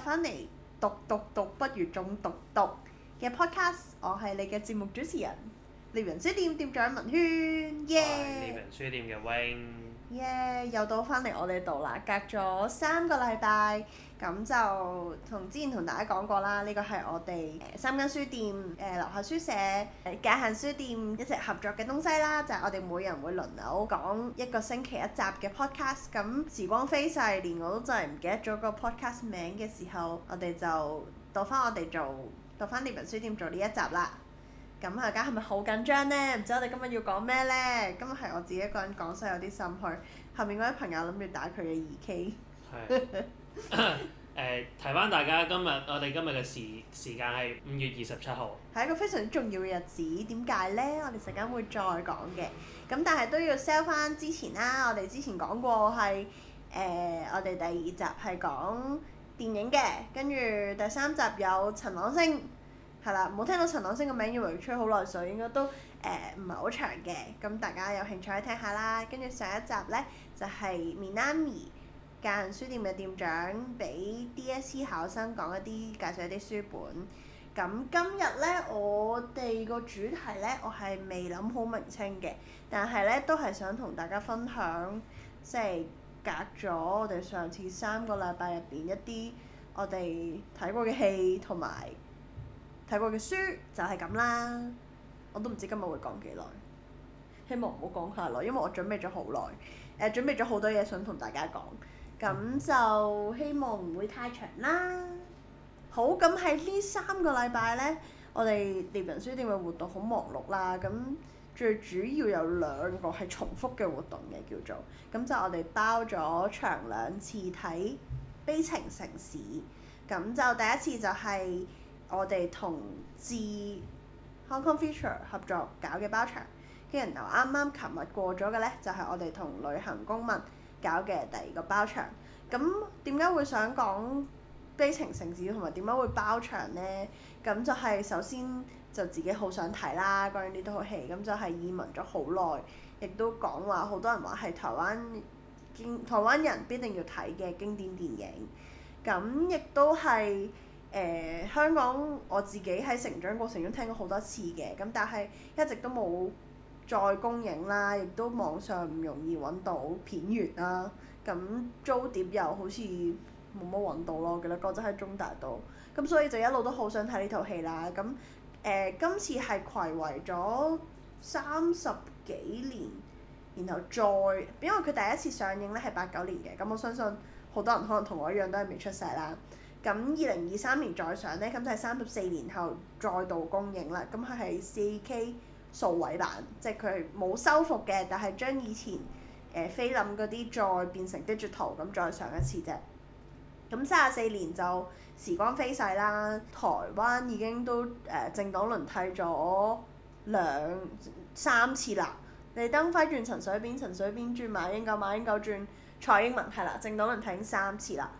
返嚟讀讀讀不如種讀讀嘅 podcast，我係你嘅節目主持人，獵人書店店長文萱，耶、yeah! 哎！獵人書店嘅 Wayne。耶！Yeah, 又到翻嚟我哋度啦，隔咗三個禮拜，咁就同之前同大家講過啦，呢個係我哋三間書店誒、呃、樓下書社誒、界限書店一直合作嘅東西啦，就係、是、我哋每人會輪流講一個星期一集嘅 podcast，咁時光飛逝，連我都真係唔記得咗個 podcast 名嘅時候，我哋就到翻我哋做，到翻獵人書店做呢一集啦。咁大家係咪好緊張呢？唔知我哋今日要講咩呢？今日係我自己一個人講，所以有啲心虛。後面嗰位朋友諗住打佢嘅二 K 的。係。誒，提翻大家今，今日，我哋今日嘅時時間係五月二十七號，係一個非常之重要嘅日子。點解呢？我哋陣間會再講嘅。咁但係都要 sell 翻之前啦。我哋之前講過係誒、呃，我哋第二集係講電影嘅，跟住第三集有陳朗星。係啦，冇聽到陳朗昇個名，以為佢吹好耐水，應該都誒唔係好長嘅。咁大家有興趣去以聽下啦。跟住上一集呢，就係、是、Minami 間書店嘅店長俾 D.S.C 考生講一啲介紹一啲書本。咁今日呢，我哋個主題呢，我係未諗好名稱嘅，但係呢都係想同大家分享，即、就、係、是、隔咗我哋上次三個禮拜入邊一啲我哋睇過嘅戲同埋。睇過嘅書就係咁啦，我都唔知今日會講幾耐，希望唔好講太耐，因為我準備咗好耐，誒、呃、準備咗好多嘢想同大家講，咁就希望唔會太長啦。好，咁喺呢三個禮拜呢，我哋獵人書店嘅活動好忙碌啦，咁最主要有兩個係重複嘅活動嘅叫做，咁就我哋包咗場兩次睇悲情城市，咁就第一次就係、是。我哋同志 Hong Kong Future 合作搞嘅包場，跟住然後啱啱琴日過咗嘅呢，就係、是、我哋同旅行公民搞嘅第二個包場。咁點解會想講悲情城市同埋點解會包場呢？咁就係首先就自己好想睇啦，關於呢套戲，咁就係耳聞咗好耐，亦都講話好多人話係台灣經台灣人必定要睇嘅經典電影，咁亦都係。誒、呃、香港我自己喺成長過程中聽過好多次嘅，咁但係一直都冇再公映啦，亦都網上唔容易揾到片源啦、啊，咁、嗯、租碟又好似冇乜揾到咯，我記得嗰陣喺中大度，咁、嗯、所以就一路都好想睇呢套戲啦，咁、嗯、誒、呃、今次係睽違咗三十幾年，然後再，因為佢第一次上映咧係八九年嘅，咁、嗯、我相信好多人可能同我一樣都係未出世啦。咁二零二三年再上咧，咁就係三十四年後再度公映啦。咁佢係 4K 數位版，即係佢冇修復嘅，但係將以前誒菲林嗰啲再變成 digital 咁再上一次啫。咁三十四年就時光飛逝啦，台灣已經都誒政、呃、黨輪替咗兩三次啦。李登輝轉陳水扁，陳水扁轉馬英九，馬英九轉蔡英文，係啦，政黨輪替已經三次啦。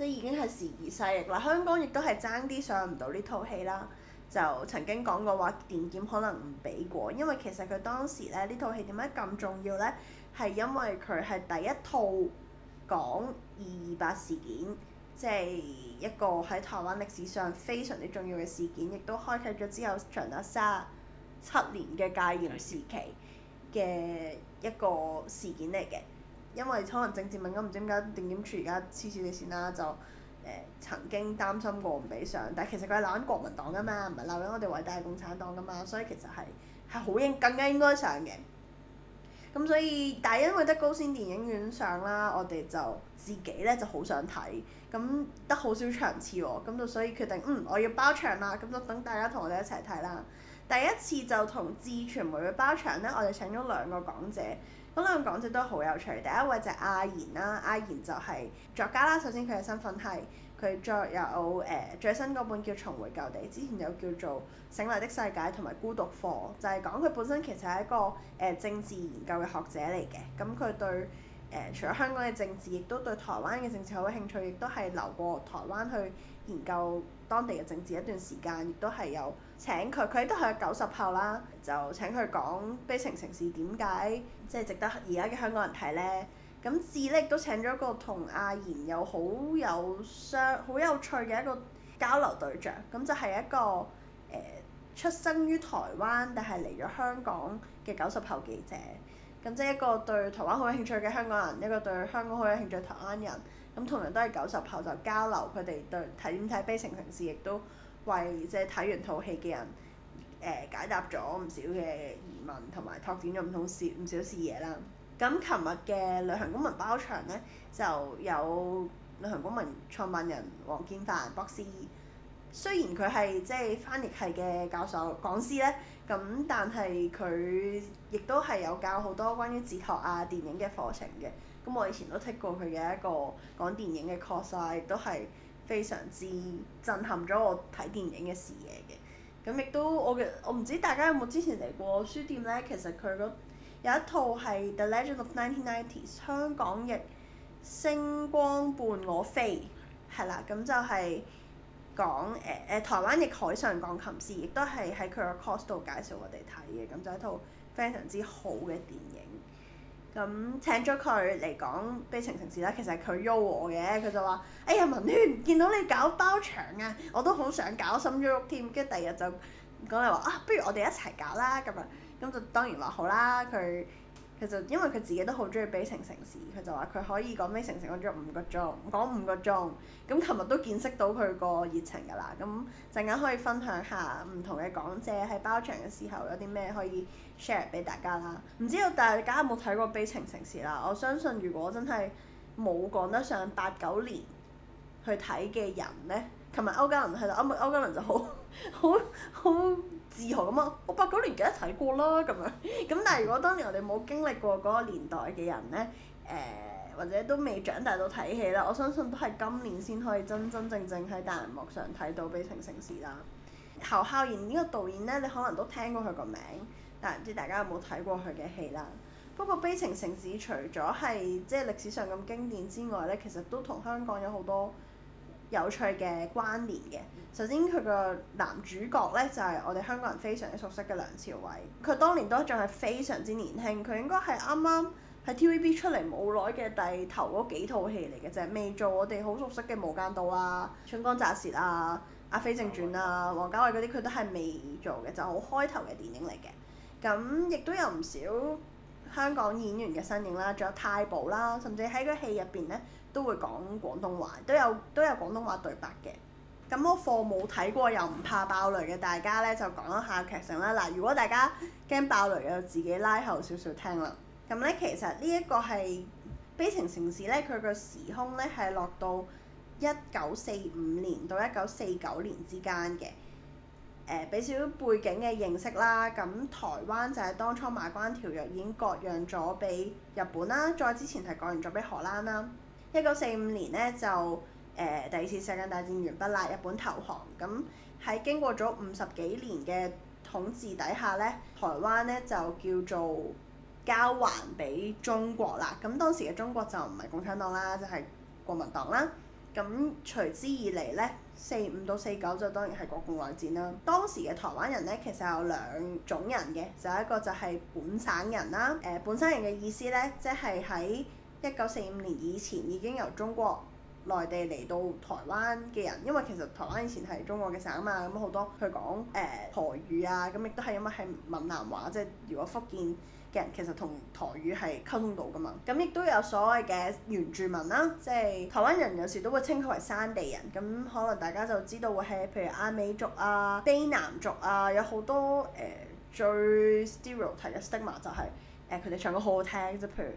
即已經係時移勢易啦，香港亦都係爭啲上唔到呢套戲啦。就曾經講過話電檢可能唔俾過，因為其實佢當時咧呢套戲點解咁重要呢？係因為佢係第一套講二二八事件，即係一個喺台灣歷史上非常之重要嘅事件，亦都開啟咗之後長達三七年嘅戒嚴時期嘅一個事件嚟嘅。因為可能政治敏感，唔知點解電檢處而家黐線啲線啦，就誒、呃、曾經擔心過唔俾上，但其實佢係鬧緊國民黨㗎嘛，唔係鬧緊我哋偉大共產黨㗎嘛，所以其實係係好應更加應該上嘅。咁所以，但係因為得高先電影院上啦，我哋就自己咧就好想睇，咁得好少場次喎、哦，咁就所以決定嗯我要包場啦，咁就等大家同我哋一齊睇啦。第一次就同志傳媒去包場咧，我哋請咗兩個講者。咁兩位講者都好有趣，第一位就係阿言啦，阿言就係作家啦。首先佢嘅身份係佢作有誒最新嗰本叫《重回舊地》，之前有叫做《醒來的世界》同埋《孤獨課》，就係講佢本身其實係一個誒政治研究嘅學者嚟嘅。咁佢對誒、呃、除咗香港嘅政治，亦都對台灣嘅政治好有興趣，亦都係留過台灣去研究當地嘅政治一段時間，亦都係有。請佢，佢都係九十後啦，就請佢講《悲情城市》點解即係值得而家嘅香港人睇呢？咁智力都請咗個同阿萱又好有相、好有趣嘅一個交流對象，咁就係一個誒、呃、出生於台灣但係嚟咗香港嘅九十後記者，咁即係一個對台灣好有興趣嘅香港人，一個對香港好有興趣嘅台灣人，咁同樣都係九十後就交流佢哋對睇唔睇《悲情城市》亦都。為即係睇完套戲嘅人，誒、呃、解答咗唔少嘅疑問，同埋拓展咗唔同事唔少視野啦。咁琴日嘅旅行公民包場咧，就有旅行公民創辦人王建範博士。雖然佢係即係翻譯系嘅教授講師咧，咁但係佢亦都係有教好多關於字學啊、電影嘅課程嘅。咁我以前都聽過佢嘅一個講電影嘅 course 都係。非常之震撼咗我睇電影嘅視野嘅，咁亦都我嘅，我唔知大家有冇之前嚟過書店咧？其實佢個有一套係 The Legend of Nineteen Nineties 香港譯《星光伴我飛》，係啦，咁就係講誒誒台灣嘅海上鋼琴師亦都係喺佢個 cost 度介紹我哋睇嘅，咁就一套非常之好嘅電影。咁、嗯、請咗佢嚟講悲情城市啦。其實佢喐我嘅，佢就話：哎呀文軒，見到你搞包場啊，我都好想搞心喐喐添。跟住第二日就講嚟話啊，不如我哋一齊搞啦咁啊，咁就當然話好啦佢。其實因為佢自己都好中意《悲情城市》，佢就話佢可以講《悲情城市》講足五個鐘，講五個鐘。咁琴日都見識到佢個熱情㗎啦。咁陣間可以分享下唔同嘅講者喺包場嘅時候有啲咩可以 share 俾大家啦。唔知道大家有冇睇過《悲情城市》啦？我相信如果真係冇講得上八九年去睇嘅人呢，琴日歐嘉倫喺度，歐歐嘉倫就好好好。自豪咁嘛？我八九年記得睇過啦，咁樣咁。 但係如果當年我哋冇經歷過嗰個年代嘅人呢，誒、呃、或者都未長大到睇戲啦。我相信都係今年先可以真真正正喺大銀幕上睇到《悲情城市》啦。侯孝賢呢個導演呢，你可能都聽過佢個名，但係唔知大家有冇睇過佢嘅戲啦。不過《悲情城市》除咗係即係歷史上咁經典之外呢，其實都同香港有好多，有趣嘅關聯嘅，首先佢個男主角呢，就係、是、我哋香港人非常之熟悉嘅梁朝偉，佢當年都仲係非常之年輕，佢應該係啱啱喺 TVB 出嚟冇耐嘅第頭嗰幾套戲嚟嘅就啫，未做我哋好熟悉嘅《無間道》啊，《春光乍泄》啊，《阿飛正傳》啊，王家衞嗰啲佢都係未做嘅，就好、是、開頭嘅電影嚟嘅。咁亦都有唔少香港演員嘅身影啦，仲有太保啦，甚至喺個戲入邊呢。都會講廣東話，都有都有廣東話對白嘅。咁我課冇睇過，又唔怕爆雷嘅，大家呢，就講一下劇情啦。嗱，如果大家驚爆雷嘅，就自己拉後少少聽啦。咁呢，其實呢一個係悲情城市呢佢嘅時空呢係落到一九四五年到一九四九年之間嘅。誒、呃，俾少少背景嘅認識啦。咁台灣就係當初馬關條約已經割讓咗俾日本啦，再之前係割讓咗俾荷蘭啦。一九四五年咧就誒、呃、第二次世界大戰完畢啦，日本投降，咁喺經過咗五十幾年嘅統治底下咧，台灣咧就叫做交還俾中國啦。咁當時嘅中國就唔係共產黨啦，就係、是、國民黨啦。咁隨之而嚟咧，四五到四九就當然係國共內戰啦。當時嘅台灣人咧其實有兩種人嘅，有一個就係本省人啦。誒、呃，本省人嘅意思咧，即係喺一九四五年以前已經由中國內地嚟到台灣嘅人，因為其實台灣以前係中國嘅省嘛，咁、嗯、好多佢講誒台語啊，咁、嗯、亦都係因為係閩南話，即係如果福建嘅人其實同台語係溝通到噶嘛，咁、嗯、亦都有所謂嘅原住民啦、啊，即係台灣人有時都會稱佢為山地人，咁、嗯、可能大家就知道會係譬如阿美族啊、卑南族啊，有好多誒、呃、最 stereotype 嘅 stigma 就係誒佢哋唱歌好好聽即譬如。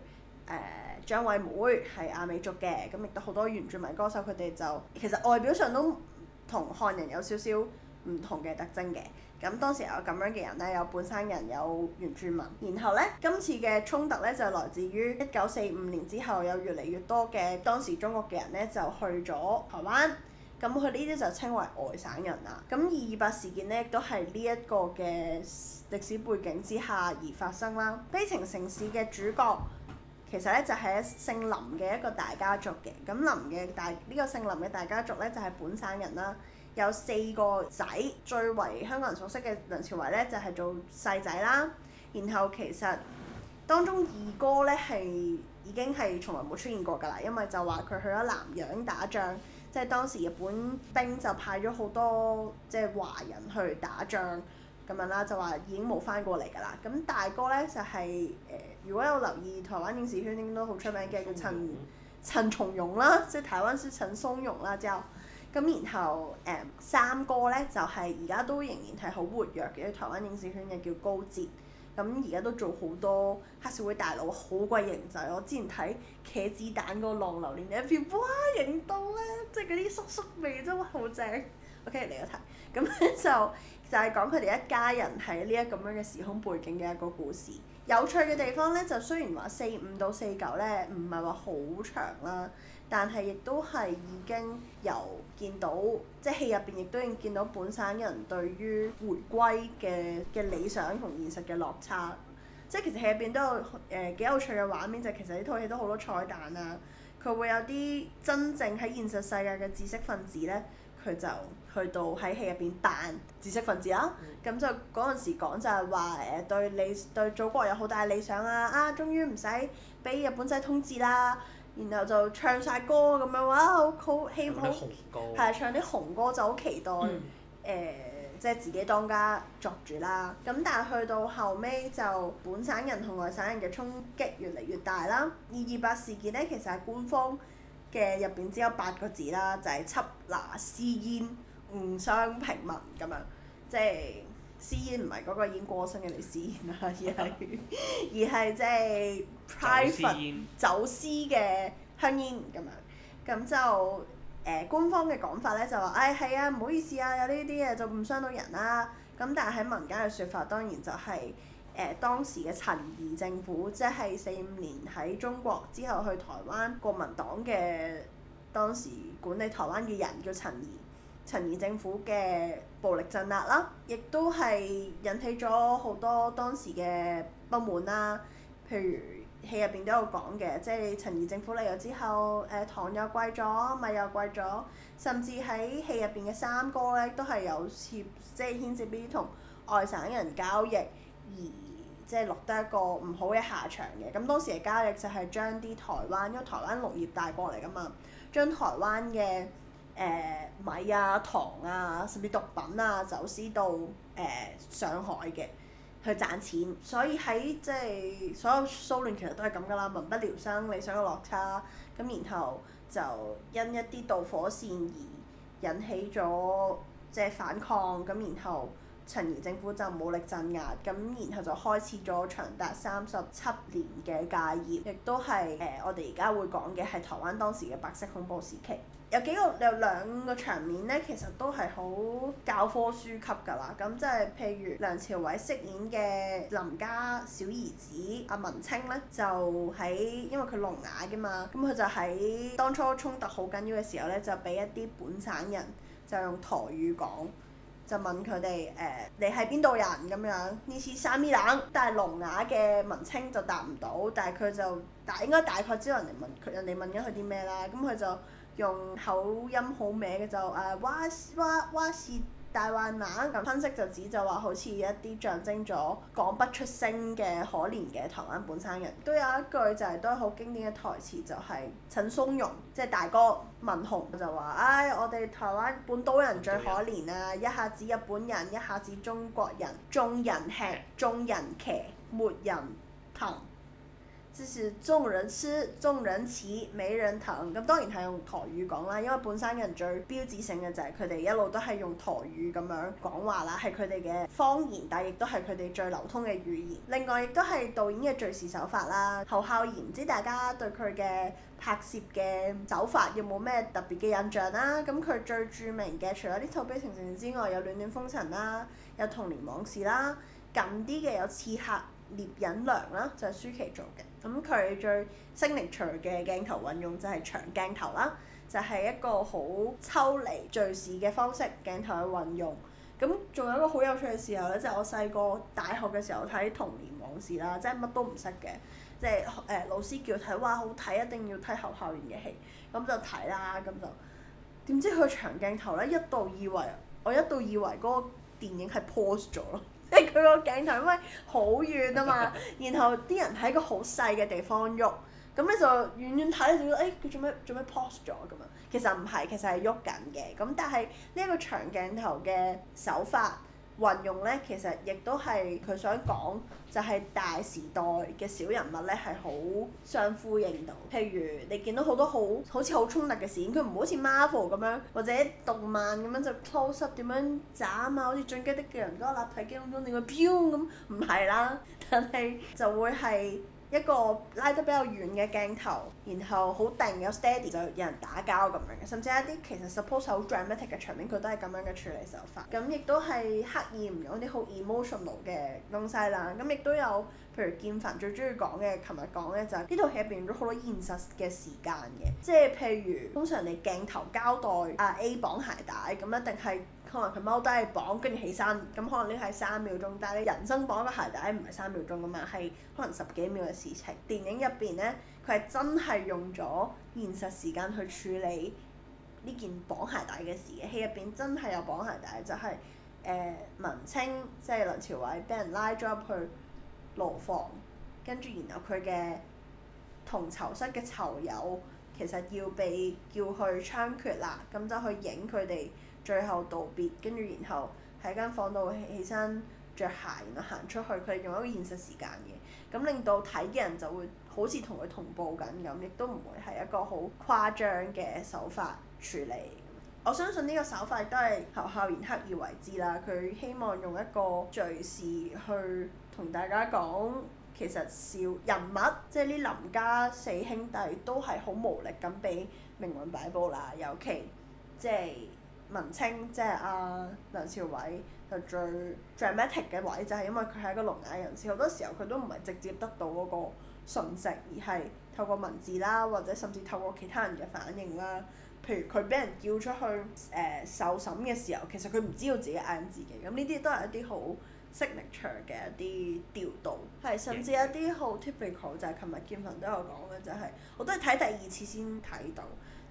誒、uh, 張惠妹係阿美族嘅，咁亦都好多原住民歌手，佢哋就其實外表上都同漢人有少少唔同嘅特徵嘅。咁當時有咁樣嘅人咧，有本省人，有原住民。然後呢，今次嘅衝突呢，就來自於一九四五年之後，有越嚟越多嘅當時中國嘅人呢，就去咗台灣，咁佢呢啲就稱為外省人啦。咁二二八事件呢，都係呢一個嘅歷史背景之下而發生啦。悲情城市嘅主角。其實咧就係姓林嘅一個大家族嘅，咁林嘅大呢個姓林嘅大家族咧就係本省人啦，有四個仔，最為香港人熟悉嘅梁朝偉咧就係做細仔啦，然後其實當中二哥咧係已經係從來冇出現過㗎啦，因為就話佢去咗南洋打仗，即係當時日本兵就派咗好多即係華人去打仗。咁樣啦，就話已經冇翻過嚟㗎啦。咁大哥咧就係誒，如果有留意台灣影視圈應該都好出名嘅，叫、嗯、陳陳松勇啦，即係台灣識陳松勇啦之後，咁然後誒三哥咧就係而家都仍然係好活躍嘅台灣影視圈嘅叫高捷。咁而家都做好多黑社會大佬，好鬼型仔。我之前睇茄子蛋嗰個《浪流連》一片，哇，型到咧！即係嗰啲叔叔味都好正。OK，嚟咗題，咁就就係講佢哋一家人喺呢一咁樣嘅時空背景嘅一個故事。有趣嘅地方咧，就雖然話四五到四九咧，唔係話好長啦。但係亦都係已經由見到，即係戲入邊亦都已經見到本省人對於回歸嘅嘅理想同現實嘅落差。即係其實戲入邊都有誒幾、呃、有趣嘅畫面，就係、其實呢套戲都好多彩蛋啊！佢會有啲真正喺現實世界嘅知識分子呢，佢就去到喺戲入邊扮知識分子啊。咁、嗯、就嗰陣時講就係話誒對你對祖國有好大理想啊！啊，終於唔使俾日本仔統治啦～然後就唱晒歌咁樣，哇！好，好，好希望，係啊、嗯，唱啲紅歌就好期待，誒、嗯呃，即係自己當家作主啦。咁但係去到後尾，就本省人同外省人嘅衝擊越嚟越大啦。二二八事件咧，其實係官方嘅入邊只有八個字啦，就係、是、緝拿私煙，誤傷平民咁樣，即係。私煙唔係嗰個已經過身嘅嚟思廉啊，而係而係即係 private 走私嘅香煙咁樣，咁就，誒官方嘅講法咧就話，誒係啊，唔好意思啊，有呢啲嘢就唔傷到人啦、啊，咁但係喺民間嘅說法當然就係、是、誒、呃、當時嘅陳儀政府，即係四五年喺中國之後去台灣國民黨嘅當時管理台灣嘅人叫陳儀。陳儀政府嘅暴力鎮壓啦，亦都係引起咗好多當時嘅不滿啦。譬如戲入邊都有講嘅，即係陳儀政府嚟咗之後，誒糖又貴咗，米又貴咗，甚至喺戲入邊嘅三哥咧，都係有涉即係牽涉啲同外省人交易，而即係落得一個唔好嘅下場嘅。咁當時嘅交易就係將啲台灣，因為台灣農業大國嚟噶嘛，將台灣嘅。誒、呃、米啊、糖啊，甚至毒品啊，走私到誒、呃、上海嘅去賺錢。所以喺即係所有騷亂其實都係咁噶啦，民不聊生，理想嘅落差，咁然後就因一啲導火線而引起咗即係反抗，咁然後陳儀政府就武力鎮壓，咁然後就開始咗長達三十七年嘅戒嚴，亦都係誒我哋而家會講嘅係台灣當時嘅白色恐怖時期。有幾個有兩個場面咧，其實都係好教科書級噶啦。咁即係譬如梁朝偉飾演嘅林家小兒子阿文清咧，就喺因為佢聾啞嘅嘛，咁佢就喺當初衝突好緊要嘅時候咧，就俾一啲本省人就用台語講，就問佢哋誒你係邊度人咁樣？呢次三咪冷，但係聾啞嘅文清就答唔到，但係佢就大，應該大概知道人哋問佢人哋問緊佢啲咩啦。咁佢就。用口音好歪嘅就誒、啊，哇哇哇，哇是大患難，咁分析就指就話好似一啲象徵咗講不出聲嘅可憐嘅台灣本省人。都有一句就係、是、都係好經典嘅台詞，就係、是、陳松勇，即、就、係、是、大哥文雄就話：唉、哎，我哋台灣本島人最可憐啊！一下子日本人，一下子中國人，眾人吃眾人騎，沒人疼。即是中國人似，中人似，美人藤。咁當然係用台語講啦，因為本省人最標誌性嘅就係佢哋一路都係用台語咁樣講話啦，係佢哋嘅方言，但係亦都係佢哋最流通嘅語言。另外亦都係導演嘅敘事手法啦。侯孝賢，唔知大家對佢嘅拍攝嘅手法有冇咩特別嘅印象啦？咁佢最著名嘅，除咗呢套《悲情城市》之外，有《暖暖風塵》啦，有《童年往事》啦，近啲嘅有《刺客》。聶隱娘啦，就係、是、舒淇做嘅。咁佢最 signature 嘅鏡頭運用就係長鏡頭啦，就係、是、一個好抽離敘事嘅方式，鏡頭去運用。咁仲有一個好有趣嘅事後咧、就是，即係我細個大學嘅時候睇童年往事啦，即係乜都唔識嘅，即係誒老師叫睇，哇好睇，一定要睇侯孝賢嘅戲，咁就睇啦，咁就點知佢長鏡頭咧，一度以為我一度以為嗰個電影係 pause 咗咯。即係佢個鏡頭，因為好遠啊嘛，然後啲人喺一個好細嘅地方喐，咁你就遠遠睇，你就覺得誒佢做咩做咩 post 咗咁啊？其實唔係，其實係喐緊嘅。咁但係呢個長鏡頭嘅手法。運用咧，其實亦都係佢想講，就係大時代嘅小人物咧，係好相呼應到。譬如你見到好多好，好似好衝突嘅事件，佢唔好似 Marvel 咁樣，或者動漫咁樣就 close up 點樣斬啊，好似《進擊的巨人》嗰個立體機動中點樣飆咁，唔係啦，但係就會係。一個拉得比較遠嘅鏡頭，然後好定有 steady 就有人打交咁樣嘅，甚至一啲其實 suppose 係好 dramatic 嘅場面，佢都係咁樣嘅處理手法。咁亦都係刻意唔用啲好 emotional 嘅東西啦。咁亦都有譬如建凡最中意講嘅，琴日講嘅就係呢套戲入邊都好多現實嘅時間嘅，即係譬如通常你鏡頭交代啊 A 綁鞋帶咁一定係。可能佢踎低綁，跟住起身，咁可能呢係三秒鐘。但係你人生綁個鞋帶唔係三秒鐘㗎嘛，係可能十幾秒嘅事情。電影入邊咧，佢係真係用咗現實時間去處理呢件綁鞋帶嘅事。戲入邊真係有綁鞋帶，就係誒文青，即係梁朝偉，俾人拉咗入去牢房，跟住然後佢嘅同囚室嘅囚友其實要被叫去槍決啦，咁就去影佢哋。最後道別，跟住然後喺間房度起起身着鞋，然後行出去。佢係用一個現實時間嘅，咁令到睇嘅人就會好似同佢同步緊咁，亦都唔會係一個好誇張嘅手法處理。我相信呢個手法都係侯孝賢刻意為之啦。佢希望用一個敘事去同大家講，其實小人物，即係啲林家四兄弟都係好無力咁俾命運擺佈啦。尤其即係。文青即係、啊、阿梁朝偉，就最 dramatic 嘅位，就係因為佢係一個聾啞人士，好多時候佢都唔係直接得到嗰個信息，而係透過文字啦，或者甚至透過其他人嘅反應啦。譬如佢俾人叫出去誒、呃、受審嘅時候，其實佢唔知道自己嗌自己，咁呢啲都係一啲好 signature 嘅一啲調度，係、嗯、甚至有啲好 typical，就係琴日劍羣都有講嘅，就係、是、我都係睇第二次先睇到。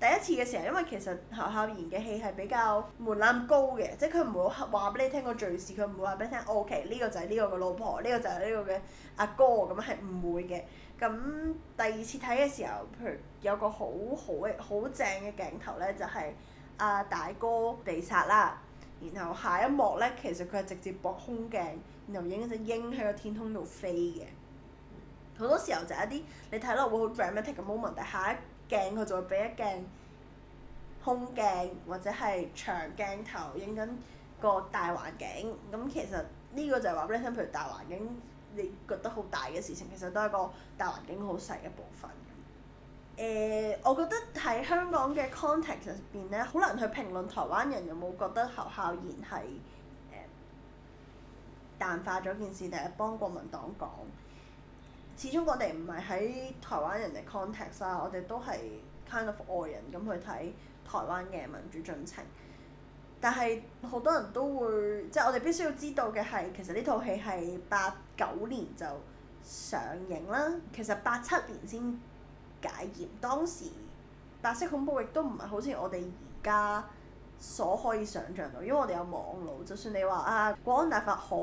第一次嘅時候，因為其實學校演嘅戲係比較門檻高嘅，即係佢唔會話俾你聽個敘事，佢唔會話俾你聽，OK 呢個就係呢個嘅老婆，呢、呢個就係呢個嘅阿哥咁樣係唔會嘅。咁第二次睇嘅時候，譬如有個好好嘅好正嘅鏡頭咧，就係、係、阿、啊、大哥被殺啦，然後下一幕咧，其實佢係直接駁空鏡，然後影一隻鷹喺個天空度飛嘅。好多時候就係一啲你睇落會好 dramatic 嘅 moment，但下一鏡佢就會俾一鏡空鏡，或者係長鏡頭影緊個大環境，咁其實呢個就係話俾你聽，譬如大環境你覺得好大嘅事情，其實都係個大環境好細嘅部分。誒、呃，我覺得喺香港嘅 context 入邊咧，好難去評論台灣人有冇覺得侯孝賢係誒、呃、淡化咗件事，定係幫國民黨講？始終我哋唔係喺台灣人嘅 context，我哋都係 kind of 外人咁去睇台灣嘅民主進程。但係好多人都會，即係我哋必須要知道嘅係，其實呢套戲係八九年就上映啦，其實八七年先解嚴，當時白色恐怖亦都唔係好似我哋而家所可以想像到，因為我哋有網路，就算你話啊《國安大法》好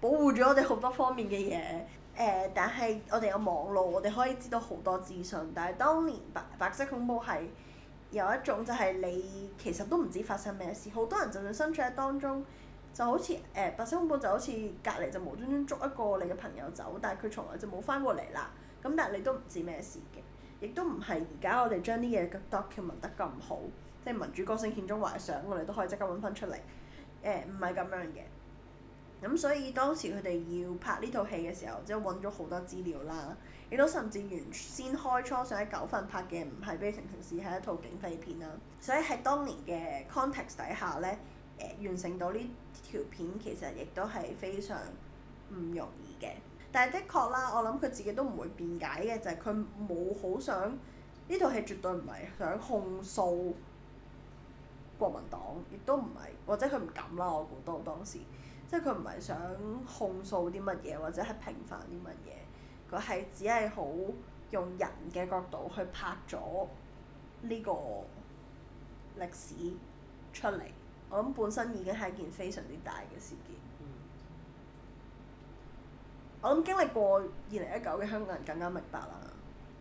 保護咗我哋好多方面嘅嘢。誒、呃，但係我哋有網絡，我哋可以知道好多資訊。但係當年白白色恐怖係有一種，就係你其實都唔知發生咩事。好多人就算身處喺當中，就好似誒、呃、白色恐怖，就好似隔籬就無端端捉一個你嘅朋友走，但係佢從來就冇翻過嚟啦。咁但係你都唔知咩事嘅，亦都唔係而家我哋將啲嘢 document 得咁好，即係民主歌聲獻中華懷想，我哋都可以即刻揾翻出嚟。誒、呃，唔係咁樣嘅。咁、嗯、所以當時佢哋要拍呢套戲嘅時候，即係揾咗好多資料啦，亦都甚至原先開初想喺九份拍嘅唔係悲情城市，係一套警匪片啦。所以喺當年嘅 context 底下咧，誒、呃、完成到呢條片其實亦都係非常唔容易嘅。但係的確啦，我諗佢自己都唔會辯解嘅，就係佢冇好想呢套戲絕對唔係想控訴國民黨，亦都唔係，或者佢唔敢啦。我估到當時。即係佢唔係想控訴啲乜嘢，或者係評判啲乜嘢，佢係只係好用人嘅角度去拍咗呢個歷史出嚟。我諗本身已經係一件非常之大嘅事件。嗯、我諗經歷過二零一九嘅香港人更加明白啦。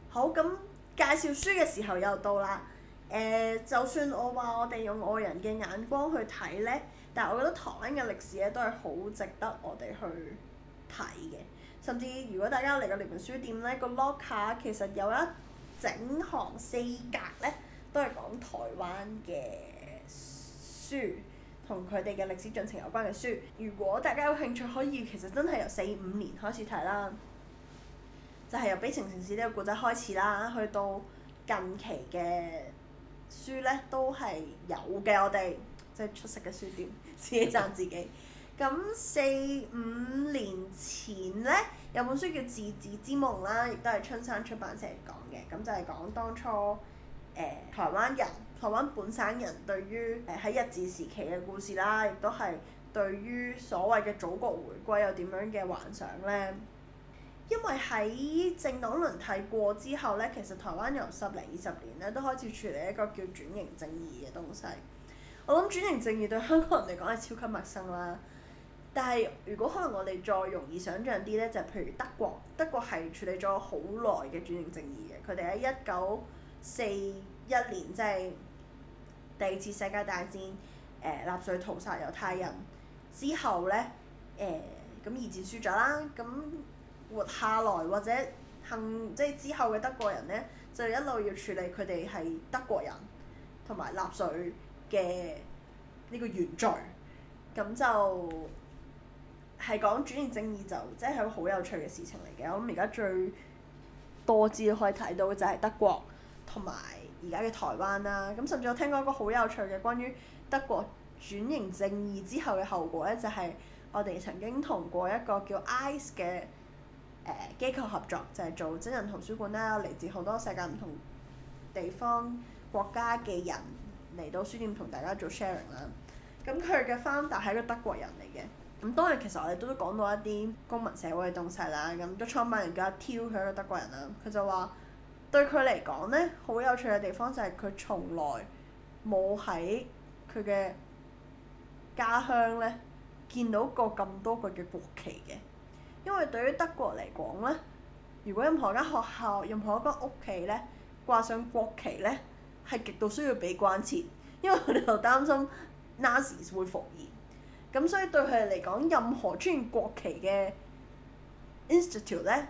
好，咁介紹書嘅時候又到啦。誒、呃，就算我話我哋用外人嘅眼光去睇咧。但係我覺得台灣嘅歷史咧都係好值得我哋去睇嘅，甚至如果大家嚟個獵人書店咧，個 locker、ok、其實有一整行四格咧，都係講台灣嘅書同佢哋嘅歷史進程有關嘅書。如果大家有興趣，可以其實真係由四五年開始睇啦，就係、是、由悲情城市呢個故仔開始啦，去到近期嘅書咧都係有嘅。我哋即係出色嘅書店。自己讚自己。咁四五年前呢，有本書叫《自治之夢》啦，亦都係春山出版社講嘅。咁就係講當初、呃、台灣人、台灣本省人對於喺、呃、日治時期嘅故事啦，亦都係對於所謂嘅祖國回歸有點樣嘅幻想呢？因為喺政黨輪替過之後呢，其實台灣由十零二十年呢都開始處理一個叫轉型正義嘅東西。我諗轉型正義對香港人嚟講係超級陌生啦。但係如果可能，我哋再容易想像啲咧，就係譬如德國，德國係處理咗好耐嘅轉型正義嘅。佢哋喺一九四一年即係、就係第二次世界大戰，誒、呃、納粹屠殺猶太人之後咧，誒咁二戰輸咗啦，咁活下來或者幸即係、就係之後嘅德國人咧，就一路要處理佢哋係德國人同埋納粹嘅呢個原罪，咁就係講轉型正義就即係一個好有趣嘅事情嚟嘅。我諗而家最多知可以睇到嘅就係德國同埋而家嘅台灣啦、啊。咁甚至我聽過一個好有趣嘅，關於德國轉型正義之後嘅後果咧，就係、是、我哋曾經同過一個叫 ICE 嘅誒機構合作，就係、是、做真人圖書館啦。嚟自好多世界唔同地方國家嘅人。嚟到書店同大家做 sharing 啦，咁佢嘅 founder 係一個德國人嚟嘅，咁當然其實我哋都講到一啲公民社會嘅東西啦，咁都創辦人叫 Till，佢一個德國人啦，佢就話對佢嚟講呢，好有趣嘅地方就係佢從來冇喺佢嘅家鄉呢見到過咁多個嘅國旗嘅，因為對於德國嚟講呢，如果任何間學校、任何一間屋企呢掛上國旗呢，係極度需要俾關切，因為佢哋又擔心 Nazis 會復燃，咁所以對佢哋嚟講，任何出現國旗嘅 Institute 咧，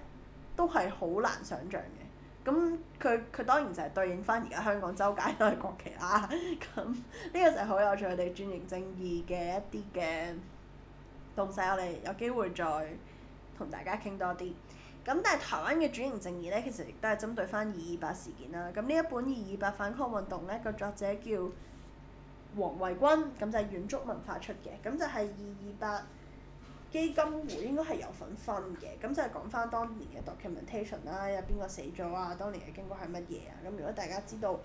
都係好難想像嘅。咁佢佢當然就係對應翻而家香港周街都係國旗啦。咁呢個就係好有趣佢哋轉型正義嘅一啲嘅東西，我哋有機會再同大家傾多啲。咁但係台灣嘅轉型正義咧，其實亦都係針對翻二二八事件啦。咁呢一本二二八反抗運動咧，個作者叫黃惠君，咁就係遠足文化出嘅。咁就係二二八基金會應該係有份分嘅。咁就係講翻當年嘅 documentation 啦，有邊個死咗啊？當年嘅經過係乜嘢啊？咁如果大家知道，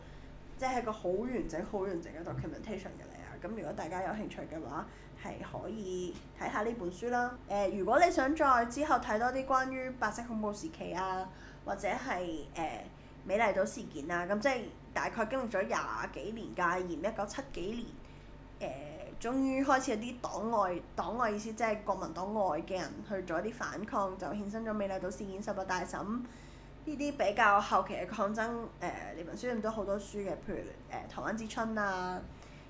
即係個好完整、好完整嘅 documentation 嘅。咁如果大家有興趣嘅話，係可以睇下呢本書啦。誒、呃，如果你想再之後睇多啲關於白色恐怖時期啊，或者係誒、呃、美麗島事件啊，咁即係大概經歷咗廿幾年戒嚴，而一九七幾年誒，終、呃、於開始有啲黨外黨外意思，即係國民黨外嘅人去做一啲反抗，就獻身咗美麗島事件、十大審呢啲比較後期嘅抗爭。誒、呃，呢本書入面都好多書嘅，譬如誒、呃《台灣之春》啊。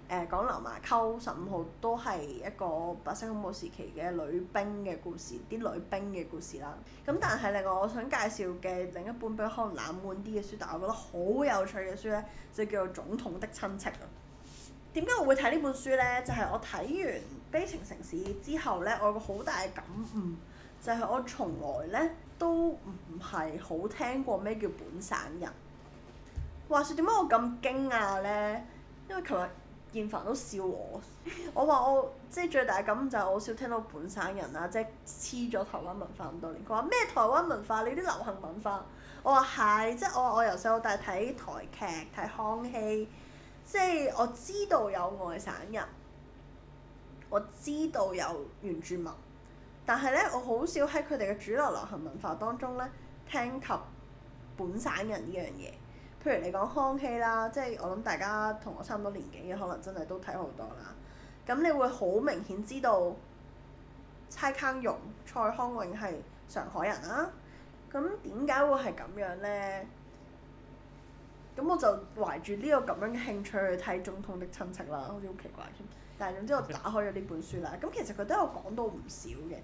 誒、呃、講《流麻溝十五號》都係一個白色恐怖時期嘅女兵嘅故事，啲女兵嘅故事啦。咁但係另外我想介紹嘅另一本比較可能冷門啲嘅書，但係我覺得好有趣嘅書呢，就叫做《總統的親戚》啊。點解我會睇呢本書呢？就係、是、我睇完《悲情城市》之後呢，我有個好大嘅感悟就係、是、我從來呢都唔係好聽過咩叫本省人。話説點解我咁驚訝呢？因為琴日。建凡都笑我， 我話我即係最大嘅感就係我好少聽到本省人啊，即係黐咗台灣文化咁多年。佢話咩台灣文化？你啲流行文化，我話係，即係我我由細到大睇台劇睇康熙，即係我知道有外省人，我知道有原住民，但係咧我好少喺佢哋嘅主流流行文化當中咧聽及本省人呢樣嘢。譬如你講康熙啦，即係我諗大家同我差唔多年紀嘅，可能真係都睇好多啦。咁你會好明顯知道蔡康永、蔡康永係上海人啦，啊。咁點解會係咁樣呢？咁我就懷住呢個咁樣嘅興趣去睇《總統的親戚》啦，好似好奇怪，但係總之我打開咗呢本書啦。咁其實佢都有講到唔少嘅，《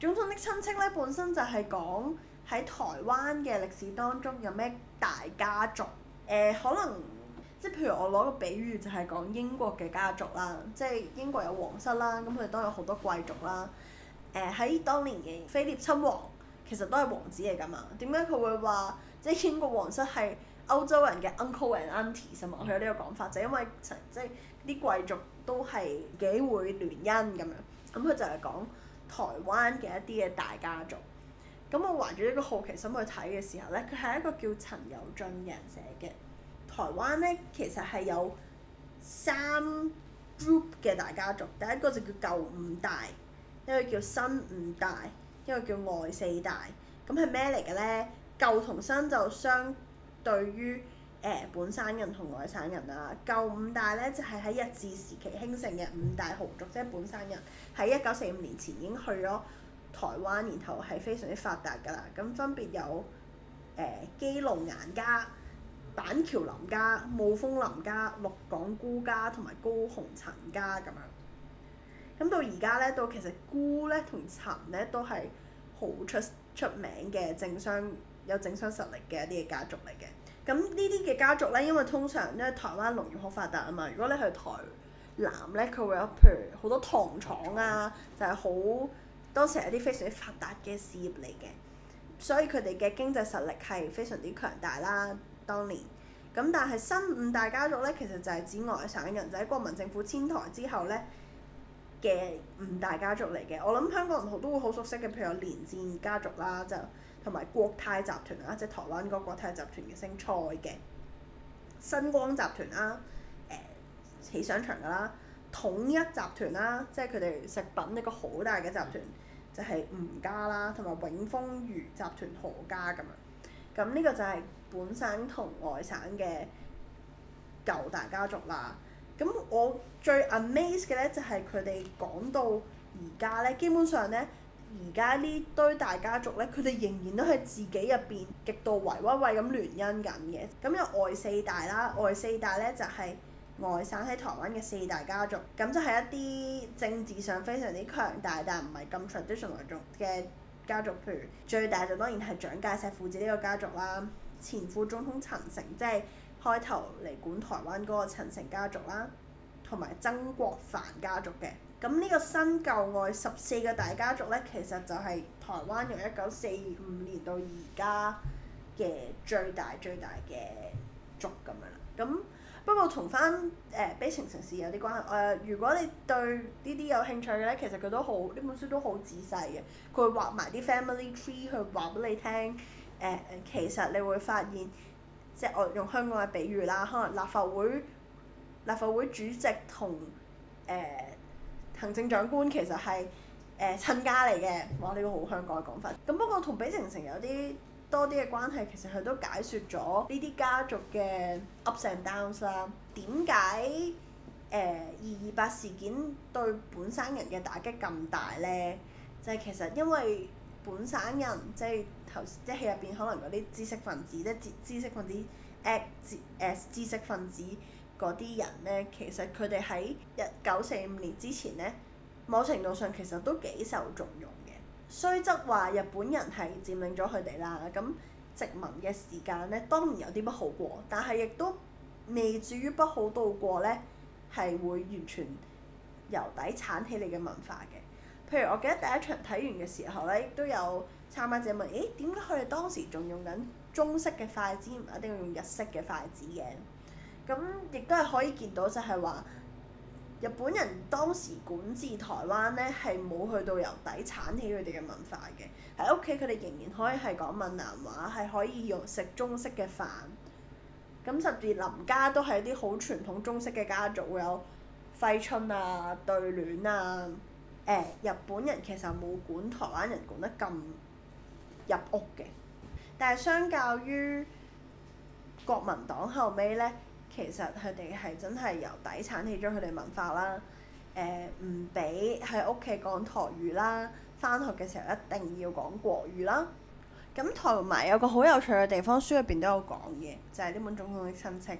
總統的親戚》咧本身就係講。喺台灣嘅歷史當中，有咩大家族？誒、呃，可能即係譬如我攞個比喻，就係講英國嘅家族啦，即係英國有皇室啦，咁佢哋都有好多貴族啦。誒、呃，喺當年嘅菲臘親王，其實都係王子嚟㗎嘛。點解佢會話即係英國皇室係歐洲人嘅 uncle and aunties 啊嘛？佢有呢個講法，就因為即係啲貴族都係幾會聯姻咁樣。咁、嗯、佢就係講台灣嘅一啲嘅大家族。咁我懷住一個好奇心去睇嘅時候咧，佢係一個叫陳柔縉嘅人寫嘅。台灣咧，其實係有三 group 嘅大家族，第一個就叫舊五大，一個叫新五大，一個叫外四大。咁係咩嚟嘅咧？舊同新就相對於誒、呃、本省人同外省人啦。舊五大咧就係、是、喺日治時期興盛嘅五大豪族，即係本省人喺一九四五年前已經去咗。台灣然後係非常之發達㗎啦，咁分別有、呃、基隆顏家、板橋林家、霧峰林家、鹿港辜家同埋高雄陳家咁樣。咁到而家咧，到其實辜咧同陳咧都係好出出名嘅政商有政商實力嘅一啲嘅家族嚟嘅。咁呢啲嘅家族咧，因為通常咧台灣農業好發達啊嘛，如果你去台南咧，佢會有譬如好多糖廠啊，就係、是、好。當時係一啲非常之發達嘅事業嚟嘅，所以佢哋嘅經濟實力係非常之強大啦。當年咁，但係新五大家族咧，其實就係指外省人，就喺、是、國民政府遷台之後咧嘅五大家族嚟嘅。我諗香港人好都會好熟悉嘅，譬如有連戰家族啦，就同埋國泰集團啦，即係台灣嗰個國泰集團嘅姓蔡嘅新光集團啦、啊，誒、呃、起商場㗎啦，統一集團啦、啊，即係佢哋食品一個好大嘅集團。嗯就係吳家啦，同埋永豐餘集團何家咁樣，咁呢個就係本省同外省嘅舊大家族啦。咁我最 amaze 嘅咧，就係佢哋講到而家咧，基本上咧，而家呢堆大家族咧，佢哋仍然都係自己入面極度圍威喂咁聯姻緊嘅。咁有外四大啦，外四大咧就係、是。外省喺台灣嘅四大家族，咁就係一啲政治上非常之強大，但唔係咁 traditional 族嘅家族。譬如最大就當然係蔣介石父子呢個家族啦，前副總統陳誠，即係開頭嚟管台灣嗰個陳誠家族啦，同埋曾國藩家族嘅。咁呢個新舊外十四個大家族呢，其實就係台灣由一九四五年到而家嘅最大最大嘅族咁樣啦。咁不過同翻誒悲情城市有啲關係，誒、呃、如果你對呢啲有興趣嘅咧？其實佢都好，呢本書都好仔細嘅，佢會畫埋啲 family tree 去話俾你聽，誒、呃、其實你會發現，即係我用香港嘅比喻啦，可能立法會立法會主席，同誒、呃、行政長官其實係誒親家嚟嘅，哇！呢、這個好香港嘅講法，咁不過同悲情城有啲多啲嘅關係，其實佢都解說咗呢啲家族嘅 ups and downs 啦。點解誒二二八事件對本省人嘅打擊咁大咧？就係、是、其實因為本省人，即係頭即係入邊可能啲知識分子，即係知知識分子誒誒,知、知識分子啲人咧，其實佢哋喺一九四五年之前咧，某程度上其實都幾受重用。雖則話日本人係佔領咗佢哋啦，咁殖民嘅時間咧，當然有啲不好過，但係亦都未至於不好到過咧，係會完全由底鏟起你嘅文化嘅。譬如我記得第一場睇完嘅時候咧，亦都有參加者問，誒點解佢哋當時仲用緊中式嘅筷子，唔一定要用日式嘅筷子嘅？咁亦都係可以見到就係話。日本人當時管治台灣咧，係冇去到由底鏟起佢哋嘅文化嘅。喺屋企佢哋仍然可以係講閩南話，係可以用食中式嘅飯。咁甚至林家都係一啲好傳統中式嘅家族，會有揮春啊、對聯啊。誒、哎，日本人其實冇管台灣人管得咁入屋嘅。但係相較於國民黨後尾咧，其實佢哋係真係由底撐起咗佢哋文化啦，誒唔俾喺屋企講台語啦，翻學嘅時候一定要講國語啦。咁同埋有個好有趣嘅地方，書入邊都有講嘅，就係呢本總統嘅親戚，